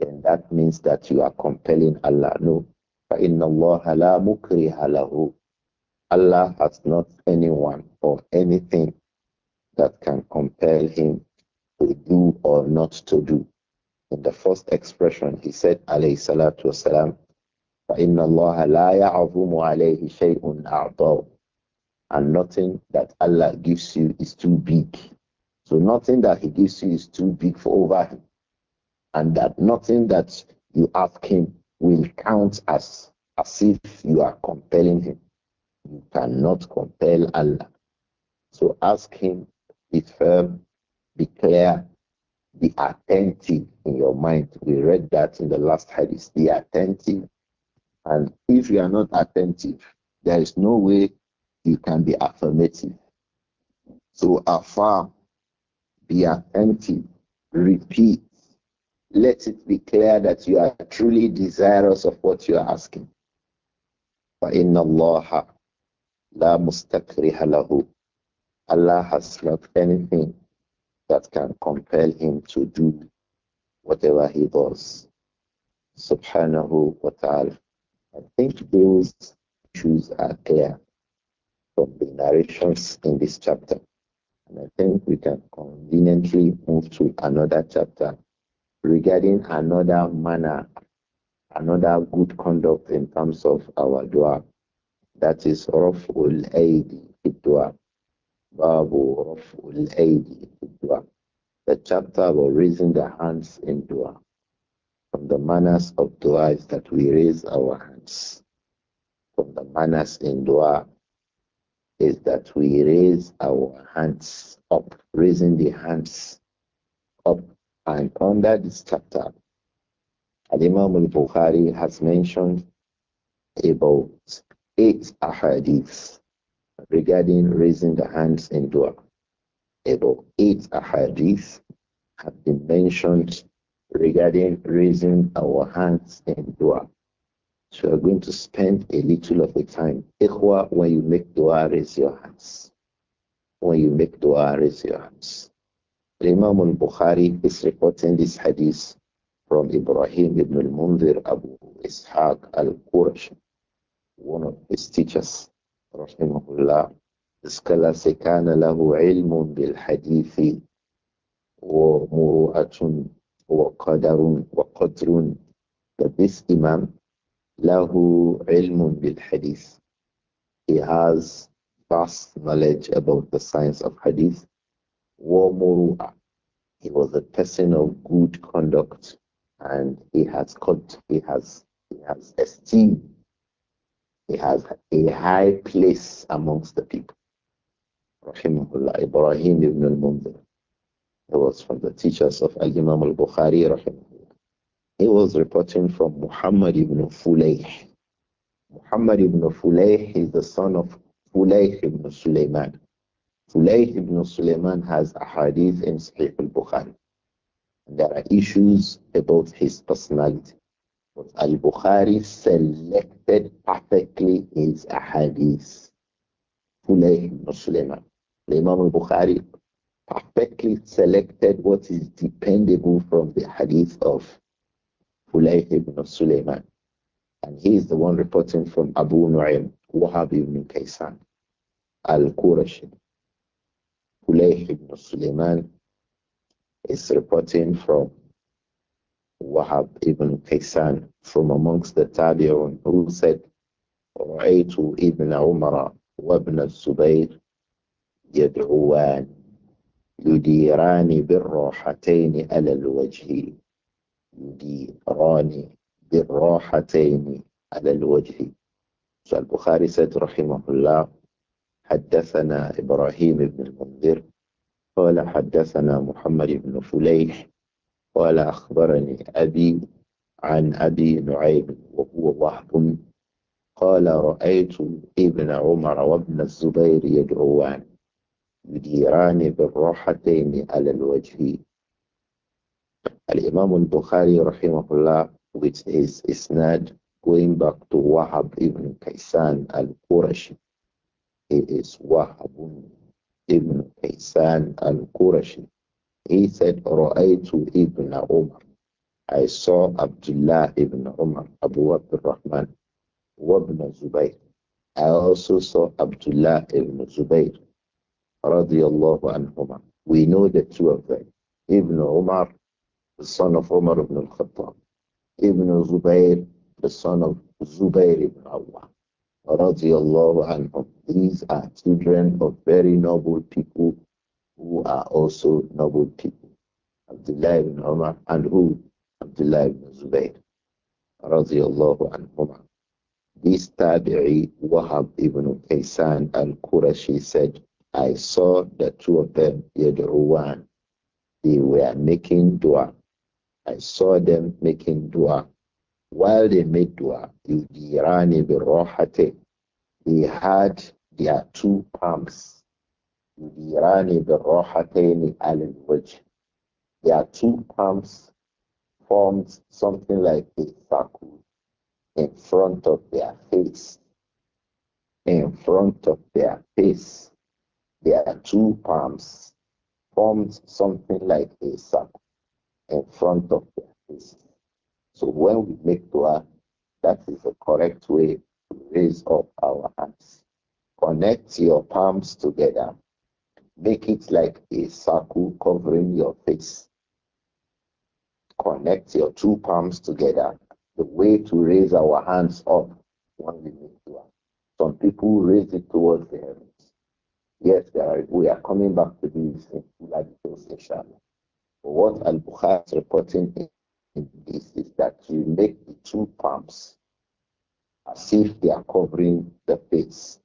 then that means that you are compelling Allah. No. فَإِنَّ اللَّهَ لَا مُكْرِهَ لَهُ Allah has not anyone or anything that can compel him to do or not to do. In the first expression, he said, alayhi salatu wasalam, فَإِنَّ اللَّهَ لَا يَعْظُمُ عَلَيْهِ شَيْءٌ And nothing that Allah gives you is too big. So nothing that he gives you is too big for over him. And that nothing that you ask him will count as as if you are compelling him. You cannot compel Allah. So ask him be firm, be clear, be attentive in your mind. We read that in the last hadith. Be attentive. And if you are not attentive, there is no way you can be affirmative. So affirm, be attentive, repeat. Let it be clear that you are truly desirous of what you are asking. فإن الله لا مستكره له Allah has not anything that can compel him to do whatever he does. Subhanahu wa ta'ala. I think those issues are clear from the narrations in this chapter. And I think we can conveniently move to another chapter regarding another manner, another good conduct in terms of our dua. That is Raf'ul Aidi Dua. Babu Raf'ul Aidi Dua. The chapter about raising the hands in Dua. From the manners of Dua is that we raise our hands. From the manners in Dua is that we raise our hands up, raising the hands up. And under this chapter, Imam al Bukhari has mentioned about eight ahadiths regarding raising the hands in dua. About eight ahadith have been mentioned regarding raising our hands in dua. So we're going to spend a little of the time. Ikhwa, when you make dua, raise your hands. When you make dua, raise your hands. Imam al-Bukhari is reporting this hadith from Ibrahim ibn al Abu Ishaq al-Qurash, one of his teachers rahimahullah, the scholar says, كان له علم بالحديث ومروءة وقدر وقدر But this Imam, له علم بالحديث He has vast knowledge about the science of hadith ومروءة He was a person of good conduct and he has cut, he has, he has esteem he has a high place amongst the people. Rahimahullah, Ibrahim ibn al-Munzir. He was from the teachers of Al-Imam al-Bukhari, rahimahullah. He was reporting from Muhammad ibn Fulayh. Muhammad ibn Fulayh is the son of Fulayh ibn Sulaiman. Fulayh ibn Sulaiman has a hadith in Sahih al-Bukhari. There are issues about his personality. Al Bukhari selected perfectly his hadith. Fulay ibn Sulaiman. Imam al Bukhari perfectly selected what is dependable from the hadith of Fulay ibn Sulaiman. And he is the one reporting from Abu Nu'aym, Wahab ibn Kaysan, Al Qurashi. Fulay ibn Sulaiman is reporting from Wahab ibn Qaysan from amongst the Tabi'un who said, ibn رأيت ابن عمر وابن الزبير يدعوان يديران بالراحتين على الوجه ala بالراحتين على الوجه bukhari said, رحمه الله حدثنا إبراهيم بن المنذر قال حدثنا محمد بن فليح قال أخبرني أبي عن أبي نعيم وهو وهب قال رأيت ابن عمر وابن الزبير يدعوان يديران بالراحتين على الوجه الإمام البخاري رحمه الله with his isnad going back to Wahab ibn Kaysan al-Qurashi he Wahab ibn Kaysan al-Qurashi he said, Ra'aytu ibn Umar. I saw Abdullah ibn Umar, Abu Abdurrahman, ibn Zubayr. I also saw Abdullah ibn Zubayr, radiyallahu anhumah. We know the two of them. Ibn Umar, the son of Umar ibn al-Khattab. Ibn Zubayr, the son of Zubayr ibn Awwam, radiyallahu anhum. These are children of very noble people who are also noble people. Abdullah ibn Umar and who? Abdullah ibn Zubayr. Radiallahu anhumah. This Tabi'i, Wahab ibn Qaysan al-Qurashi said, I saw the two of them, Yadruwan. They were making dua. I saw them making dua. While they made dua, Yudirani bi They had their two palms يُدِيرَانِ بِالرَّوْحَتَيْنِ عَلَى الْوَجْهِ Their two palms formed something like a circle in front of their face. In front of their face, their two palms formed something like a circle in front of their face. So when we make dua, that is the correct way to raise up our hands. Connect your palms together Make it like a circle covering your face. Connect your two palms together. The way to raise our hands up when we meet Some people raise it towards the heavens. Yes, are, we are coming back to this. in inshallah. what Al Bukhari is reporting in this is that you make the two palms as if they are covering the face.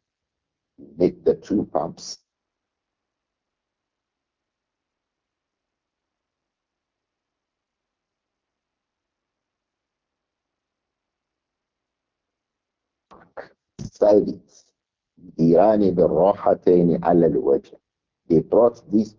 You make the two palms They brought these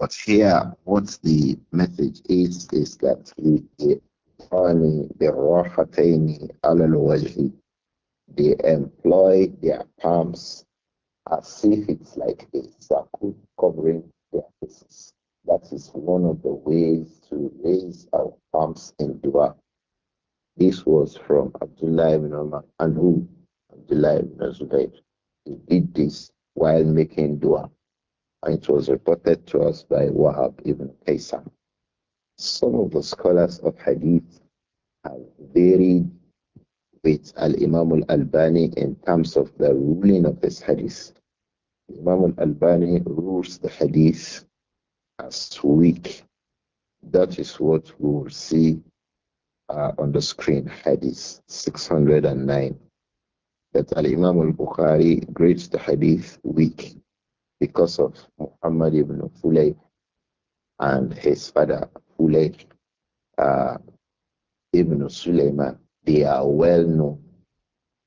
But here, what the message is, is that the the they employ their palms as if it's like a sakut covering their faces. That is one of the ways to raise our palms in dua. This was from Abdullah ibn Umar and who? Abdullah ibn Zubayr. He did this while making dua and it was reported to us by Wahab ibn Qaysam. Some of the scholars of hadith have varied with Al Imam Al Albani in terms of the ruling of this hadith. Imam Al Albani rules the hadith as weak. That is what we will see uh, on the screen, hadith 609. That Al Imam Al Bukhari grades the hadith weak because of Muhammad ibn Fulay and his father Fulay uh, ibn Sulaiman. They are well known.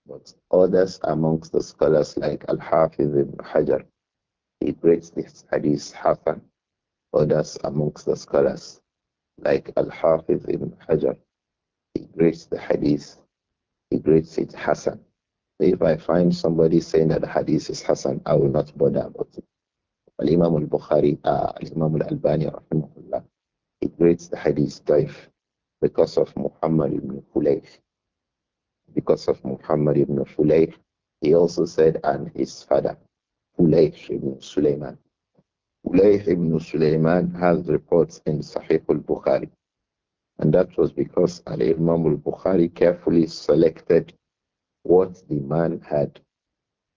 But others amongst the scholars like Al-Hafiz ibn Hajar, he breaks this hadith Hafan. Others amongst the scholars like Al-Hafiz ibn Hajar, he grades the hadith, he grades it Hassan if I find somebody saying that the hadith is Hassan, I will not bother about it. Al Imam al Bukhari, uh, Al Imam al Albani, he grades the hadith daif because of Muhammad ibn Fulayh. Because of Muhammad ibn Fulayh, he also said, and his father, Fulayh ibn Sulaiman. Fulayh ibn Sulaiman has reports in Sahih al Bukhari. And that was because Al Imam al Bukhari carefully selected what the man had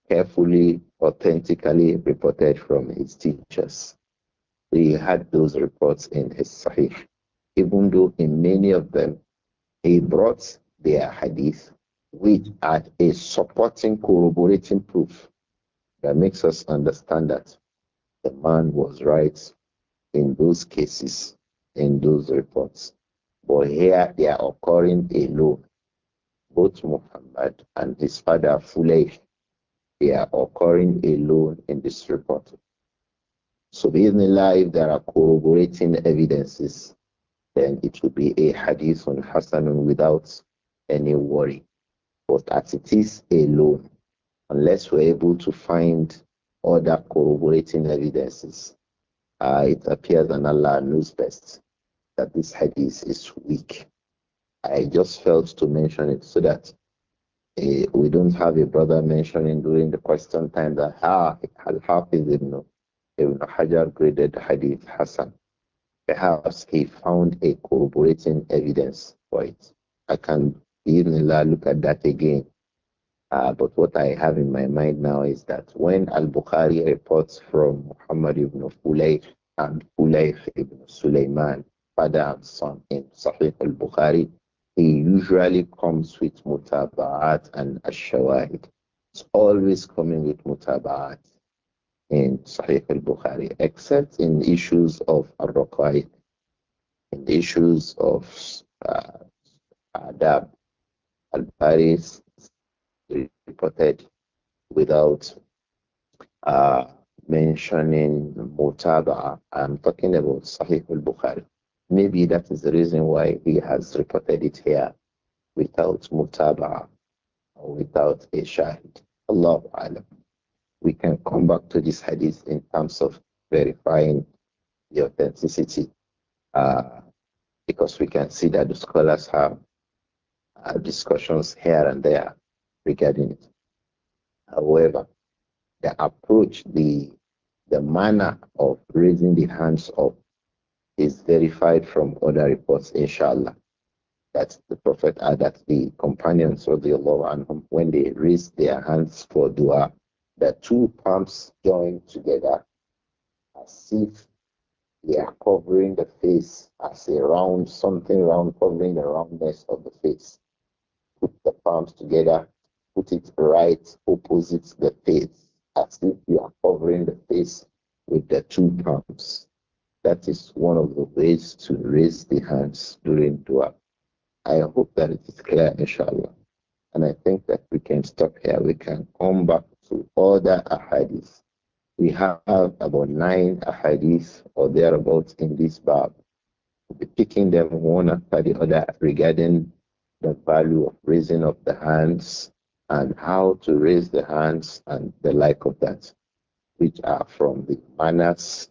carefully, authentically reported from his teachers. He had those reports in his Sahih, even though in many of them he brought their hadith which are a supporting, corroborating proof that makes us understand that the man was right in those cases, in those reports. But here they are occurring alone both Muhammad and his father Fulay, they are occurring alone in this report. So, the life, there are corroborating evidences, then it will be a hadith on Hassanun without any worry. But as it is alone, unless we're able to find other corroborating evidences, uh, it appears that Allah knows best that this hadith is weak. I just failed to mention it so that uh, we don't have a brother mentioning during the question time that ah, Al Hafiz ibn, ibn Hajar graded Hadith Hassan. Perhaps he found a corroborating evidence for it. I can even look at that again. Uh, but what I have in my mind now is that when Al Bukhari reports from Muhammad ibn Fulayh and Fulayh ibn Sulaiman, father and son in Sahih al Bukhari, he usually comes with mutabaat and ashawahid. It's always coming with mutabaat in Sahih al-Bukhari, except in issues of al-Raqaid, in the issues of uh, Adab. Al-Bari reported without uh, mentioning mutaba. I'm talking about Sahih al-Bukhari. Maybe that is the reason why he has reported it here without mutaba or without a shahid. Allah We can come back to this hadith in terms of verifying the authenticity uh, because we can see that the scholars have uh, discussions here and there regarding it. However, the approach, the the manner of raising the hands of is verified from other reports, inshallah. That the Prophet uh, that the companions of the Allah and when they raised their hands for dua, the two palms joined together as if they are covering the face as a round something round covering the roundness of the face. Put the palms together, put it right opposite the face, as if you are covering the face with the two palms that is one of the ways to raise the hands during dua. I hope that it is clear, inshallah. And I think that we can stop here. We can come back to other ahadith. We have about nine ahadith or thereabouts in this bab. We'll be picking them one after the other regarding the value of raising of the hands and how to raise the hands and the like of that, which are from the manners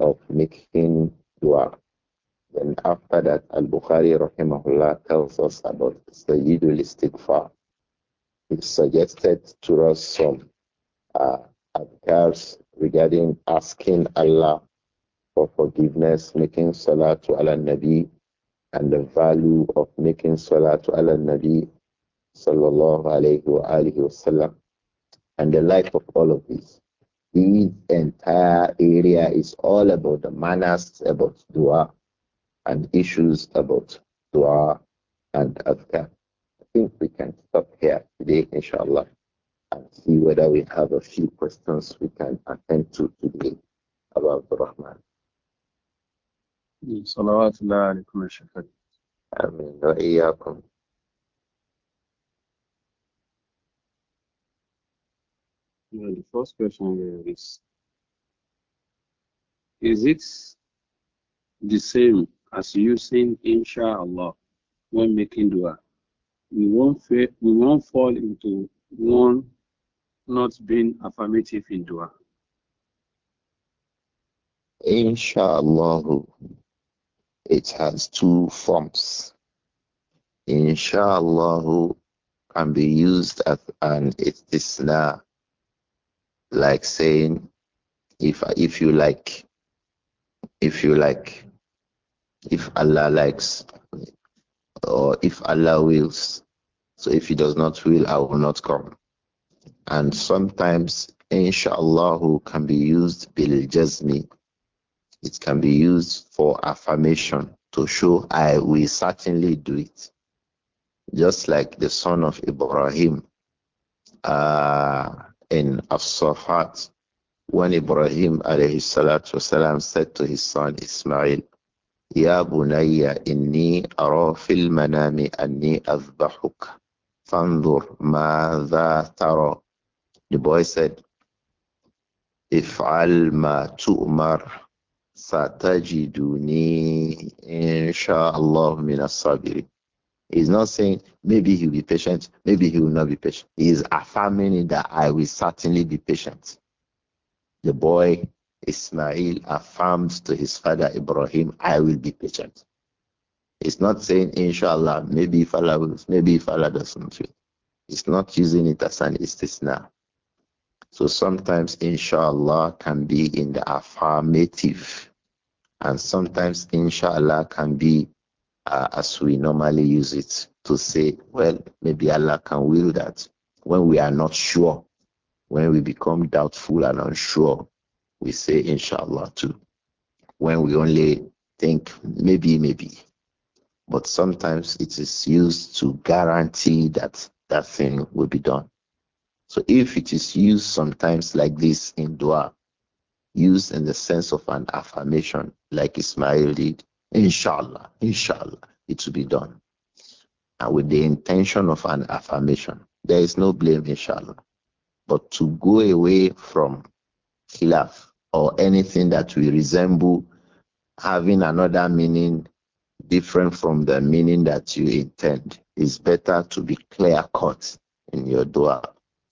of making dua. Then after that, Al-Bukhari rahimahullah tells us about Sayyidul Istighfar. He suggested to us some uh, adhkars regarding asking Allah for forgiveness, making salah to Allah Nabi, and the value of making salah to Allah Nabi sallallahu alayhi wa alihi wasallam, and the like of all of these. This entire area is all about the manners about dua and issues about dua and adhkar. I think we can stop here today, inshallah, and see whether we have a few questions we can attend to today about the Rahman. صلوات the first question here is Is it the same as using inshallah when making dua? We won't, we won't fall into one not being affirmative in dua. Inshallah, it has two forms. Inshallah can be used as an istisna like saying if if you like if you like if allah likes or if allah wills so if he does not will i will not come and sometimes inshallah can be used bil jazmi it can be used for affirmation to show i will certainly do it just like the son of ibrahim uh, in As-Safat when Ibrahim alayhi salatu wasalam said to his son Ismail, Ya bunayya inni ara fil manami anni azbahuk. Fandur madha tara. The boy said, If ma tu'mar satajiduni insha'Allah min as-sabirin. He's not saying maybe he'll be patient, maybe he will not be patient. He is affirming that I will certainly be patient. The boy Ismail affirms to his father Ibrahim, I will be patient. It's not saying, inshallah, maybe if Allah will, maybe if Allah doesn't will. It's not using it as an istisna. So sometimes inshallah can be in the affirmative, and sometimes inshallah can be uh, as we normally use it to say, well, maybe Allah can will that. When we are not sure, when we become doubtful and unsure, we say inshallah too. When we only think maybe, maybe. But sometimes it is used to guarantee that that thing will be done. So if it is used sometimes like this in dua, used in the sense of an affirmation, like Ismail did, Inshallah, inshallah, it will be done. And with the intention of an affirmation, there is no blame, inshallah. But to go away from khilaf or anything that will resemble having another meaning different from the meaning that you intend, is better to be clear cut in your dua.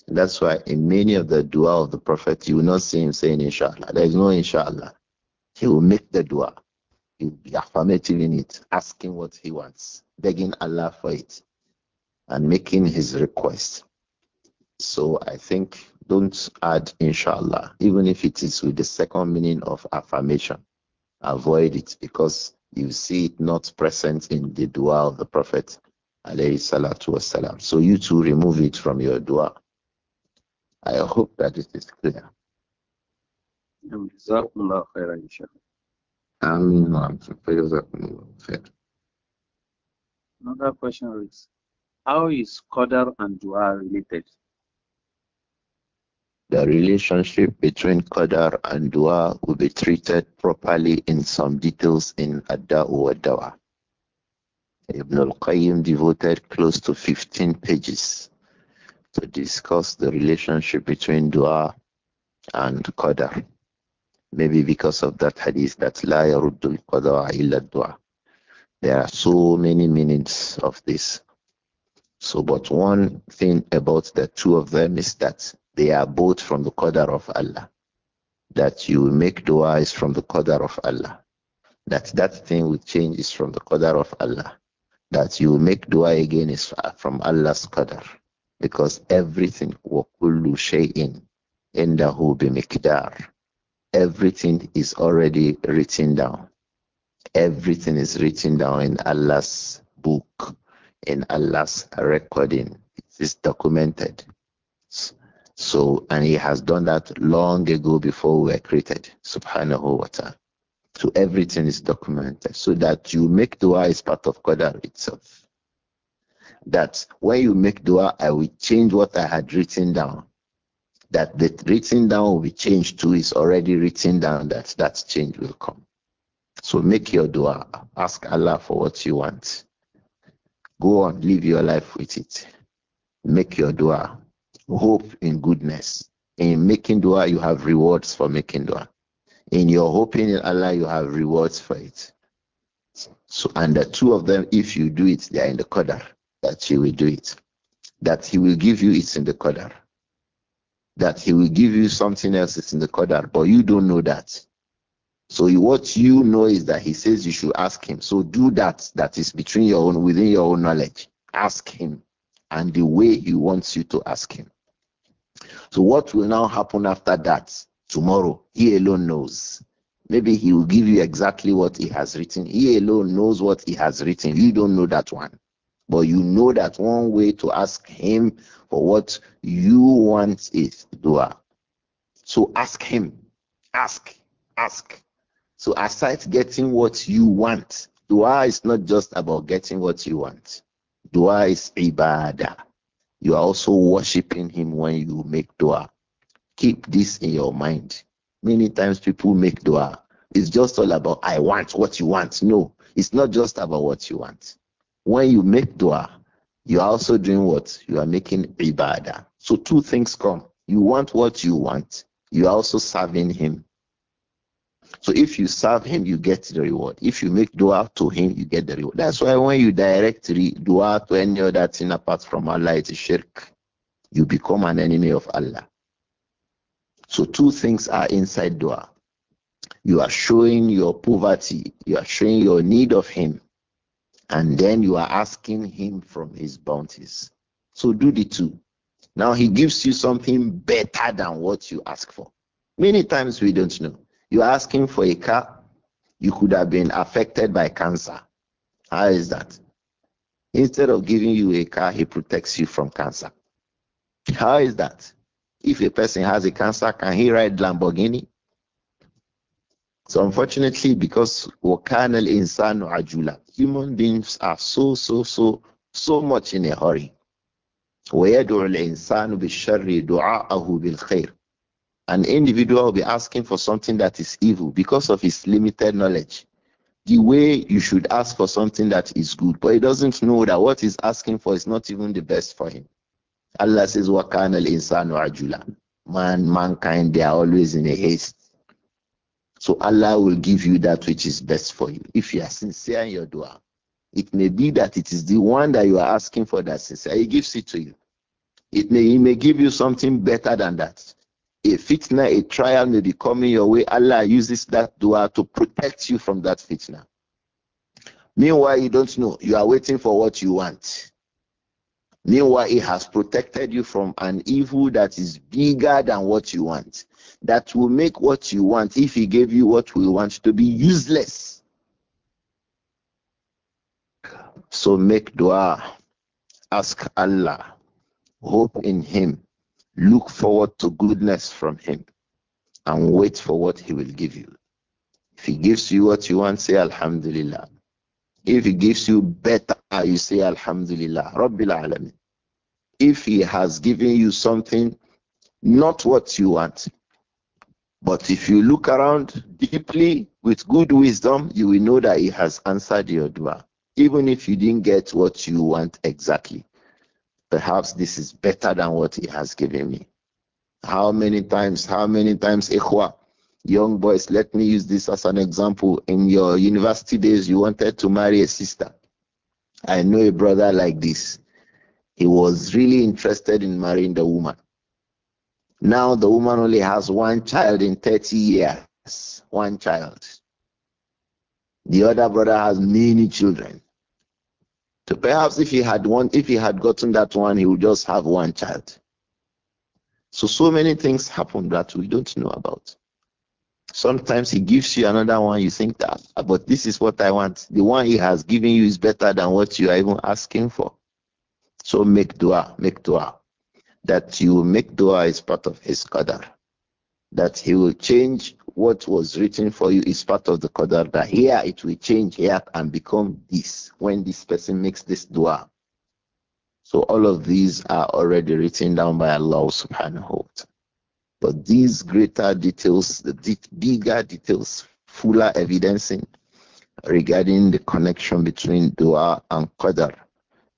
That's why in many of the dua of the Prophet, you will not see him saying inshallah. There is no inshallah. He will make the dua. He'll be affirmative in it, asking what he wants, begging Allah for it, and making his request. So I think don't add inshallah, even if it is with the second meaning of affirmation. Avoid it because you see it not present in the dua of the Prophet. So you too remove it from your dua. I hope that it is clear. Another question is, how is Qadar and Dua related? The relationship between Qadar and Dua will be treated properly in some details in Adda'u wa Dawa. Ibn al-Qayyim devoted close to 15 pages to discuss the relationship between Dua and Qadar. Maybe because of that hadith that la yaruddul qada'a illa dua. There are so many meanings of this. So, but one thing about the two of them is that they are both from the qadar of Allah. That you make dua is from the qadar of Allah. That that thing will change is from the qadar of Allah. That you make dua again is from Allah's qadar. Because everything, وَكُلُّ شَيْءٍ إِنَّهُ بِمِقْدَارٍ everything is already written down. Everything is written down in Allah's book, in Allah's recording. It is documented. So, and He has done that long ago before we were created. Subhanahu wa ta'ala. So everything is documented so that you make dua is part of Qadar itself. That when you make dua, I will change what I had written down that the written down will be changed to is already written down that that change will come. So make your dua. Ask Allah for what you want. Go on, live your life with it. Make your dua. Hope in goodness. In making dua, you have rewards for making dua. In your hoping in Allah, you have rewards for it. So, and the two of them, if you do it, they are in the qadar that you will do it. That He will give you, it's in the qadar that he will give you something else is in the Qadar, but you don't know that. So what you know is that he says you should ask him. So do that. That is between your own, within your own knowledge. Ask him, and the way he wants you to ask him. So what will now happen after that? Tomorrow, he alone knows. Maybe he will give you exactly what he has written. He alone knows what he has written. You don't know that one. But you know that one way to ask Him for what you want is dua. So ask Him. Ask. Ask. So aside getting what you want, dua is not just about getting what you want. Dua is ibadah. You are also worshiping Him when you make dua. Keep this in your mind. Many times people make dua. It's just all about I want what you want. No, it's not just about what you want. When you make dua, you are also doing what? You are making ibadah. So two things come. You want what you want. You are also serving him. So if you serve him, you get the reward. If you make dua to him, you get the reward. That's why when you direct dua to any other thing apart from Allah, it's shirk. You become an enemy of Allah. So two things are inside dua. You are showing your poverty. You are showing your need of him and then you are asking him from his bounties. So do the two. Now he gives you something better than what you ask for. Many times we don't know. You are asking for a car, you could have been affected by cancer. How is that? Instead of giving you a car, he protects you from cancer. How is that? If a person has a cancer, can he ride Lamborghini? So unfortunately, because وَكَانَ insanu ajula, Human beings are so, so, so, so much in a hurry. وَيَدْعُ الْإِنسَانُ بِالشَّرِّ دُعَاءَهُ بِالْخَيْرِ An individual will be asking for something that is evil because of his limited knowledge. The way you should ask for something that is good, but he doesn't know that what he's asking for is not even the best for him. Allah says, وَكَانَ الْإِنسَانُ عَجُولًا Man, mankind, they are always in a haste. So Allah will give you that which is best for you if you are sincere in your dua. It may be that it is the one that you are asking for that sincere. He gives it to you. It may he may give you something better than that. A fitna, a trial may be coming your way. Allah uses that dua to protect you from that fitna. Meanwhile, you don't know. You are waiting for what you want. Meanwhile, it has protected you from an evil that is bigger than what you want that will make what you want, if He gave you what we want, to be useless. So make dua, ask Allah, hope in Him, look forward to goodness from Him, and wait for what He will give you. If He gives you what you want, say Alhamdulillah. If He gives you better, you say Alhamdulillah, Rabbil Alameen. If He has given you something, not what you want, but if you look around deeply with good wisdom, you will know that He has answered your dua, even if you didn't get what you want exactly. Perhaps this is better than what He has given me. How many times, how many times, Ikhwa, young boys, let me use this as an example. In your university days, you wanted to marry a sister. I know a brother like this. He was really interested in marrying the woman. Now the woman only has one child in 30 years. One child. The other brother has many children. So perhaps if he had one, if he had gotten that one, he would just have one child. So so many things happen that we don't know about. Sometimes he gives you another one, you think that, ah, but this is what I want. The one he has given you is better than what you are even asking for. So make dua, make dua that you make dua is part of his qadar. That he will change what was written for you is part of the qadar. That here it will change here and become this when this person makes this dua. So all of these are already written down by Allah subhanahu wa ta'ala. But these greater details, the bigger details, fuller evidencing regarding the connection between dua and qadar,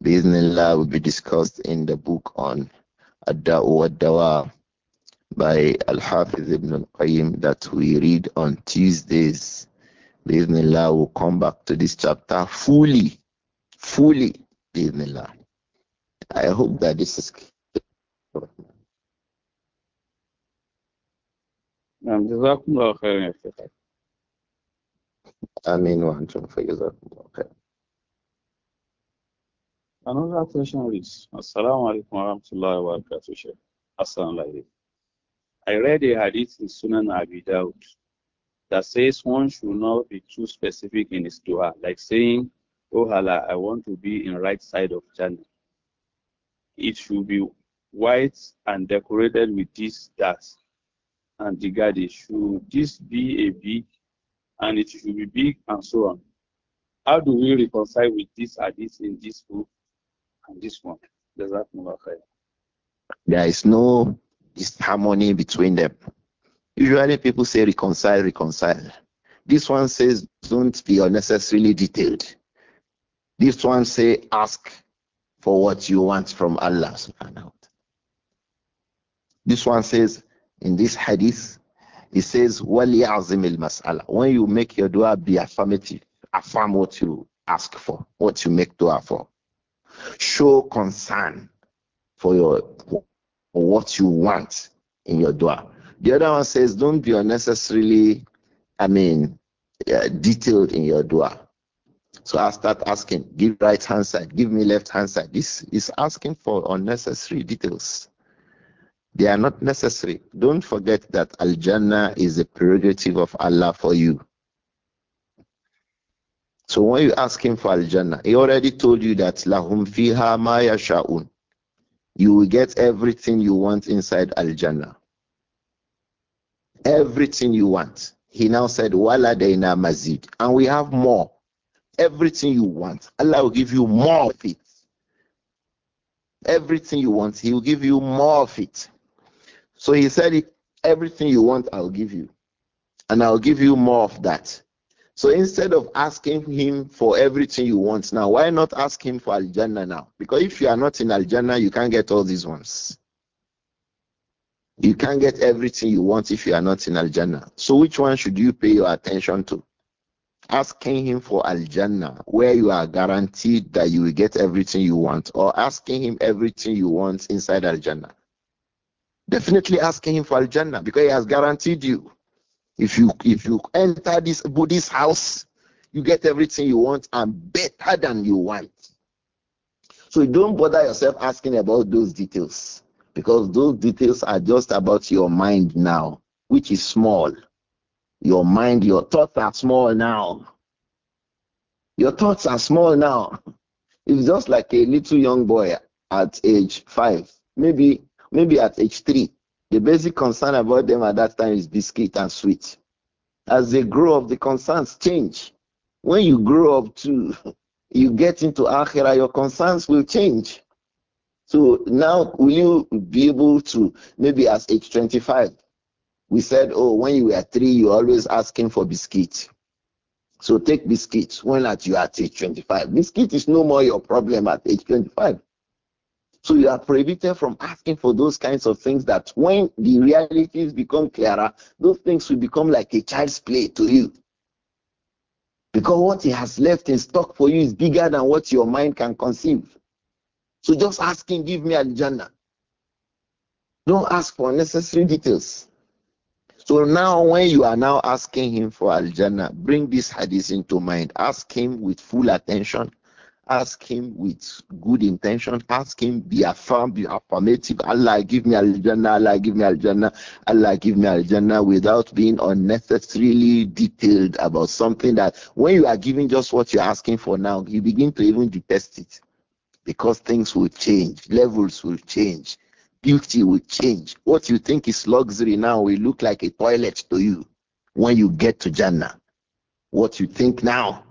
bismillah will be discussed in the book on Ad-Da'u by Al-Hafiz ibn al-Qayyim that we read on Tuesdays. Bismillah, we'll come back to this chapter fully, fully, Bismillah. I hope that this is نعم جزاكم الله خيرا يا شيخ آمين Another question is Assalamu alaikum wa rahmatullahi wa barakatuh, I read a hadith in Sunan Abi Dawud that says one should not be too specific in his dua, like saying, Oh Allah, I want to be in right side of Jannah. It should be white and decorated with this, that, and the garden. Should this be a big, and it should be big, and so on. How do we reconcile with this hadith in this book? and this one. There is no disharmony between them. Usually people say reconcile, reconcile. This one says don't be unnecessarily detailed. This one say ask for what you want from Allah This one says in this hadith, it says, mas'ala. When you make your dua, be affirmative. Affirm what you ask for, what you make dua for. Show concern for your for what you want in your dua. The other one says, don't be unnecessarily, I mean, uh, detailed in your dua. So I start asking, give right hand side, give me left hand side. This is asking for unnecessary details. They are not necessary. Don't forget that Al Jannah is a prerogative of Allah for you. So when you ask him for Al-Jannah, he already told you that lahum fiha ma yasha'un. You will get everything you want inside Al-Jannah. Everything you want. He now said, Wala dayna mazid. And we have more. Everything you want. Allah will give you more of it. Everything you want, He will give you more of it. So He said, Everything you want, I'll give you. And I'll give you more of that. So instead of asking him for everything you want now, why not ask him for Al Jannah now? Because if you are not in Al Jannah, you can't get all these ones. You can't get everything you want if you are not in Al Jannah. So which one should you pay your attention to? Asking him for Al Jannah, where you are guaranteed that you will get everything you want, or asking him everything you want inside Al Jannah. Definitely asking him for Al Jannah because he has guaranteed you. If you if you enter this Buddhist house, you get everything you want and better than you want. So don't bother yourself asking about those details because those details are just about your mind now, which is small. Your mind, your thoughts are small now. Your thoughts are small now. It's just like a little young boy at age five, maybe maybe at age three. The basic concern about them at that time is biscuit and sweet. As they grow up, the concerns change. When you grow up to, [LAUGHS] you get into akhira, your concerns will change. So now will you be able to maybe as age 25? We said, oh, when you were three, you always asking for biscuit. So take biscuit when at you at age 25. Biscuit is no more your problem at age 25. So you are prohibited from asking for those kinds of things that when the realities become clearer, those things will become like a child's play to you. Because what he has left in stock for you is bigger than what your mind can conceive. So just ask him, give me a jannah. Don't ask for unnecessary details. So now, when you are now asking him for Al Jannah, bring this hadith into mind. Ask him with full attention ask him with good intention, ask him, be affirm, be affirmative, Allah give me al-jannah, Allah give me al-jannah, Allah give me al-jannah, without being unnecessarily detailed about something that when you are giving just what you're asking for now, you begin to even detest it because things will change, levels will change, beauty will change. What you think is luxury now will look like a toilet to you when you get to Jannah. What you think now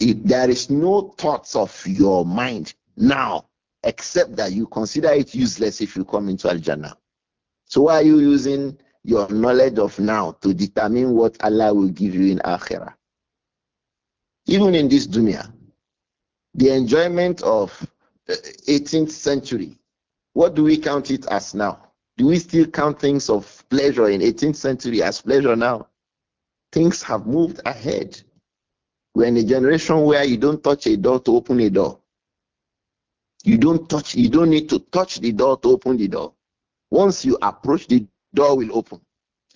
if there is no thoughts of your mind now, except that you consider it useless if you come into Al Jannah. So why are you using your knowledge of now to determine what Allah will give you in Akhirah? Even in this dunya, the enjoyment of 18th century, what do we count it as now? Do we still count things of pleasure in 18th century as pleasure now? Things have moved ahead. We're in a generation where you don't touch a door to open a door. You don't touch, you don't need to touch the door to open the door. Once you approach, the door will open.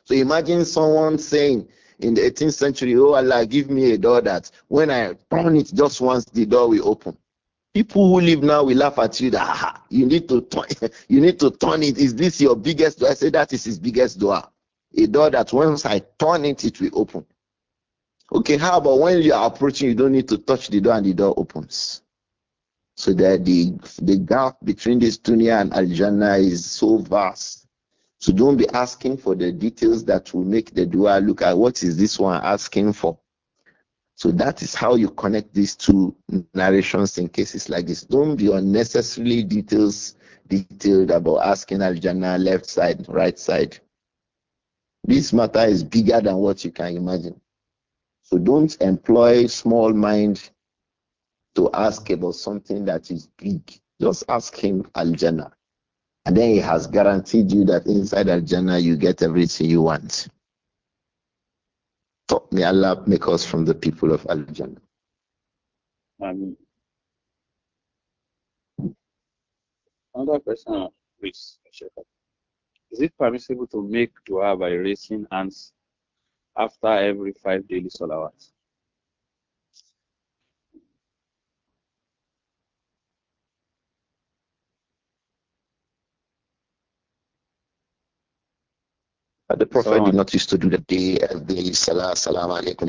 So imagine someone saying in the 18th century, Oh Allah, give me a door that when I turn it just once, the door will open. People who live now will laugh at you that ah, you need to turn, [LAUGHS] you need to turn it. Is this your biggest door? I say that is his biggest door. A door that once I turn it, it will open. Okay, how about when you are approaching, you don't need to touch the door and the door opens. So that the the gap between this dunya and al-jannah is so vast. So don't be asking for the details that will make the dua look at what is this one asking for. So that is how you connect these two narrations in cases like this. Don't be unnecessarily details detailed about asking Al Jannah left side, right side. This matter is bigger than what you can imagine. So don't employ small mind to ask about something that is big. Just ask him Al Jannah. And then he has guaranteed you that inside Al Jannah you get everything you want. So may Allah make us from the people of Al Jannah. Amen. Another question, please. Is it permissible to make dua by raising hands after every five daily salawats, But the Prophet so did not used to do the day, uh, daily salah, salam alaikum,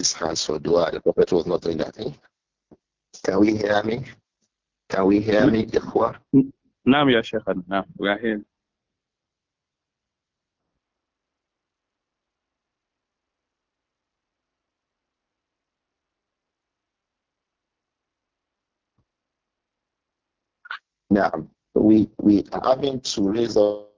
his hands for dua. The Prophet was not doing that. Eh? Can we hear me? Can we hear me, Ikhwa? Naam, Ya Sheikh. Naam, we are here. Now, we, we are having to raise up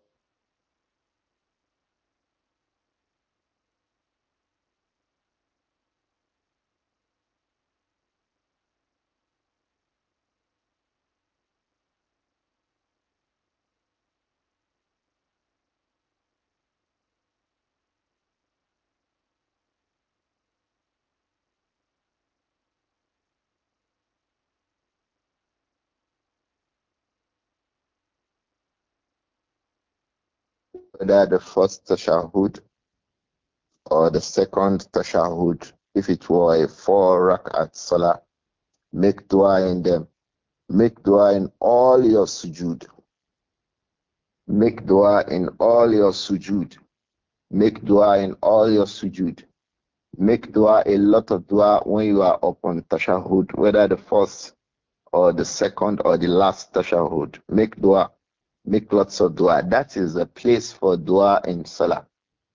whether the first tashahud or the second tashahud, if it were a four rakat salah, make dua in them. Make dua in all your sujud. Make dua in all your sujud. Make dua in all your sujud. Make dua a lot of dua when you are upon tashahud, whether the first or the second or the last tashahud. Make dua. Make lots of dua. That is a place for dua in salah.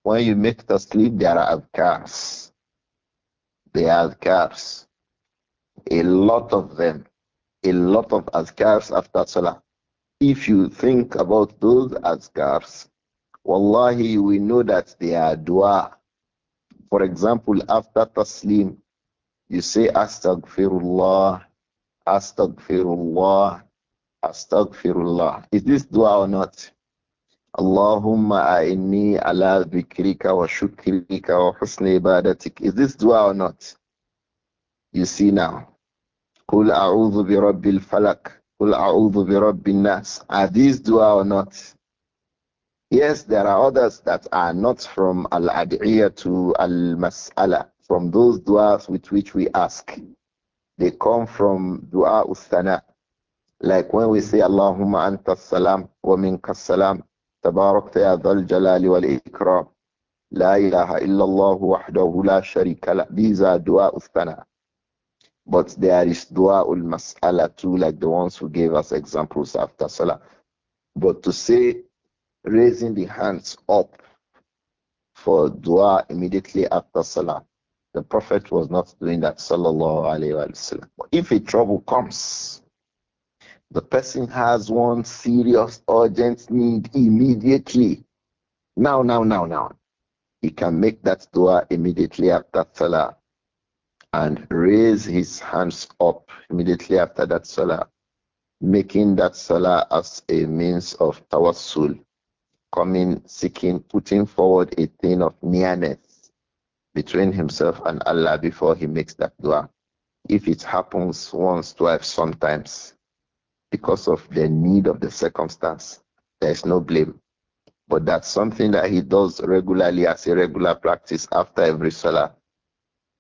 When you make the sleep, there are adhkars. There are adhkars. A lot of them. A lot of adhkars after salah. If you think about those adhkars, wallahi, we know that they are dua. For example, after taslim, you say astaghfirullah, astaghfirullah, Astaghfirullah. Is this dua or not? Allahumma a'inni ala dhikrika wa shukrika wa husni ibadatik. Is this dua or not? You see now. Qul a'udhu bi rabbil falak. Qul a'udhu bi rabbin nas. Are these dua or not? Yes, there are others that are not from al-ad'iyah to al-mas'ala, from those du'as with which we ask. They come from du'a ustana. Like when we say, Allahumma anta salam wa minka salam, tabarak ya dhal jalali wal ikram, la ilaha illallah wahdahu la sharika la. These are dua uthana. But there is dua ul mas'ala too, like the ones who gave us examples after salah. But to say, raising the hands up for dua immediately after salah, the Prophet was not doing that, sallallahu alayhi wa If a trouble comes, the person has one serious urgent need immediately. Now, now, now, now. He can make that dua immediately after salah and raise his hands up immediately after that salah, making that salah as a means of tawassul, coming, seeking, putting forward a thing of nearness between himself and Allah before he makes that dua. If it happens once, twice, sometimes, because of the need of the circumstance. There is no blame. But that's something that he does regularly as a regular practice after every salah.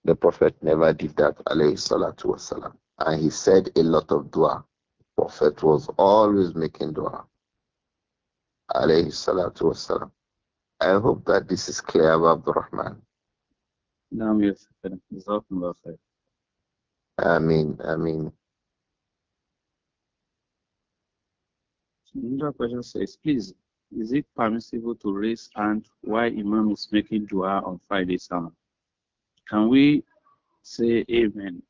The Prophet never did that, alayhi salatu wasalam. And he said a lot of dua. The Prophet was always making dua, alayhi salatu wasalam. I hope that this is clear about the Rahman. نعم يا I mean, I mean. Another question says, please, is it permissible to raise hand why Imam is making dua on Friday sermon? Can we say amen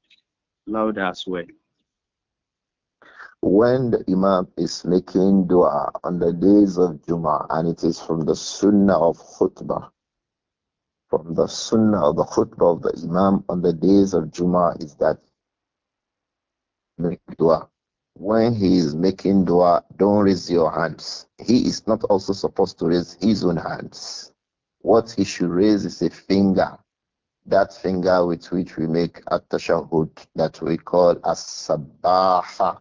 loud as well? When the Imam is making dua on the days of Juma, and it is from the sunnah of khutbah, from the sunnah of the khutbah of the Imam on the days of Juma, is that make dua when he is making dua, don't raise your hands. He is not also supposed to raise his own hands. What he should raise is a finger, that finger with which we make at tashahud that we call as sabaha.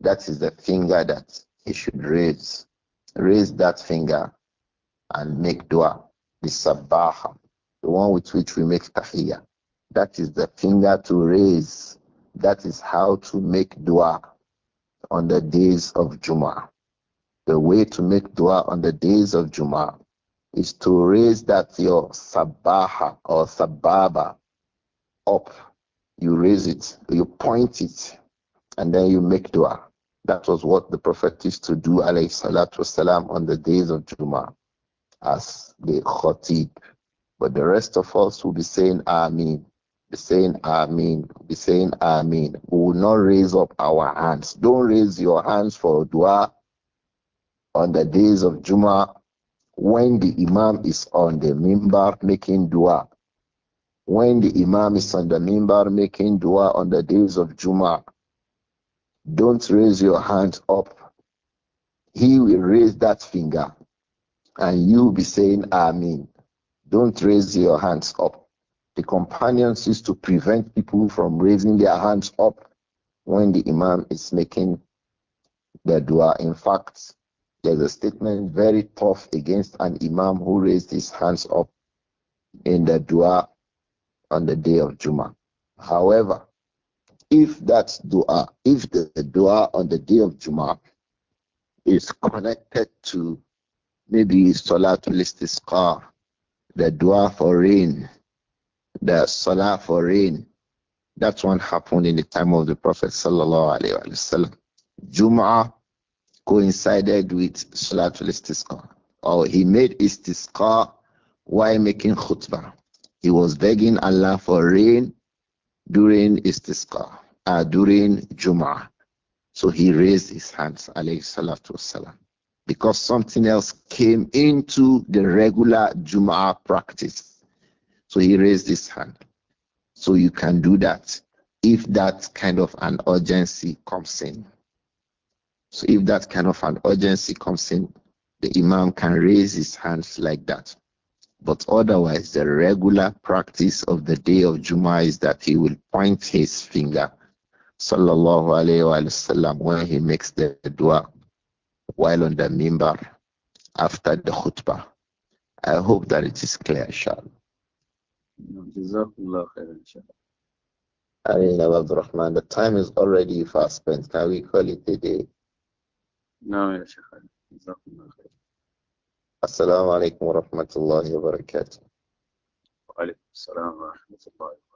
That is the finger that he should raise. Raise that finger and make dua, the sabaha, the one with which we make tahiyya. That is the finger to raise. That is how to make dua on the days of Juma. The way to make dua on the days of Juma is to raise that your sabaha or sababa up. You raise it, you point it, and then you make dua. That was what the Prophet used to do, alayhi salatu wasalam, on the days of Juma as the khatib. But the rest of us will be saying Ameen be saying Amen, be saying Amen. We will not raise up our hands. Don't raise your hands for dua on the days of Juma when the Imam is on the mimbar making dua. When the Imam is on the mimbar making dua on the days of Juma, don't raise your hands up. He will raise that finger and you will be saying Amen. Don't raise your hands up the companions used to prevent people from raising their hands up when the Imam is making the dua. In fact, there's a statement very tough against an Imam who raised his hands up in the dua on the day of Jummah. However, if that dua, if the, the dua on the day of Jummah is connected to maybe Salatul Istisqa, the dua for rain, the salah for rain. That one happened in the time of the Prophet sallallahu alaihi wasallam. Jum'ah coincided with Salatul Istisqa, or oh, he made Istisqa while making khutbah. He was begging Allah for rain during Istisqa, uh, during Jum'ah. So he raised his hands, alayhi salatu wasalam, because something else came into the regular Jum'ah practice so he raised his hand. So you can do that if that kind of an urgency comes in. So if that kind of an urgency comes in, the Imam can raise his hands like that. But otherwise, the regular practice of the day of Juma is that he will point his finger, sallallahu alayhi wa when he makes the dua while on the mimbar after the khutbah. I hope that it is clear, inshallah. Jazakumullah khairan, inshallah. Amin Abdurrahman. The time is already fast spent. Can we call it a day? No, Ya Shaykh. Jazakumullah Assalamu alaikum wa rahmatullahi wa barakatuh. Wa alaikum السلام ورحمة wa وبركاته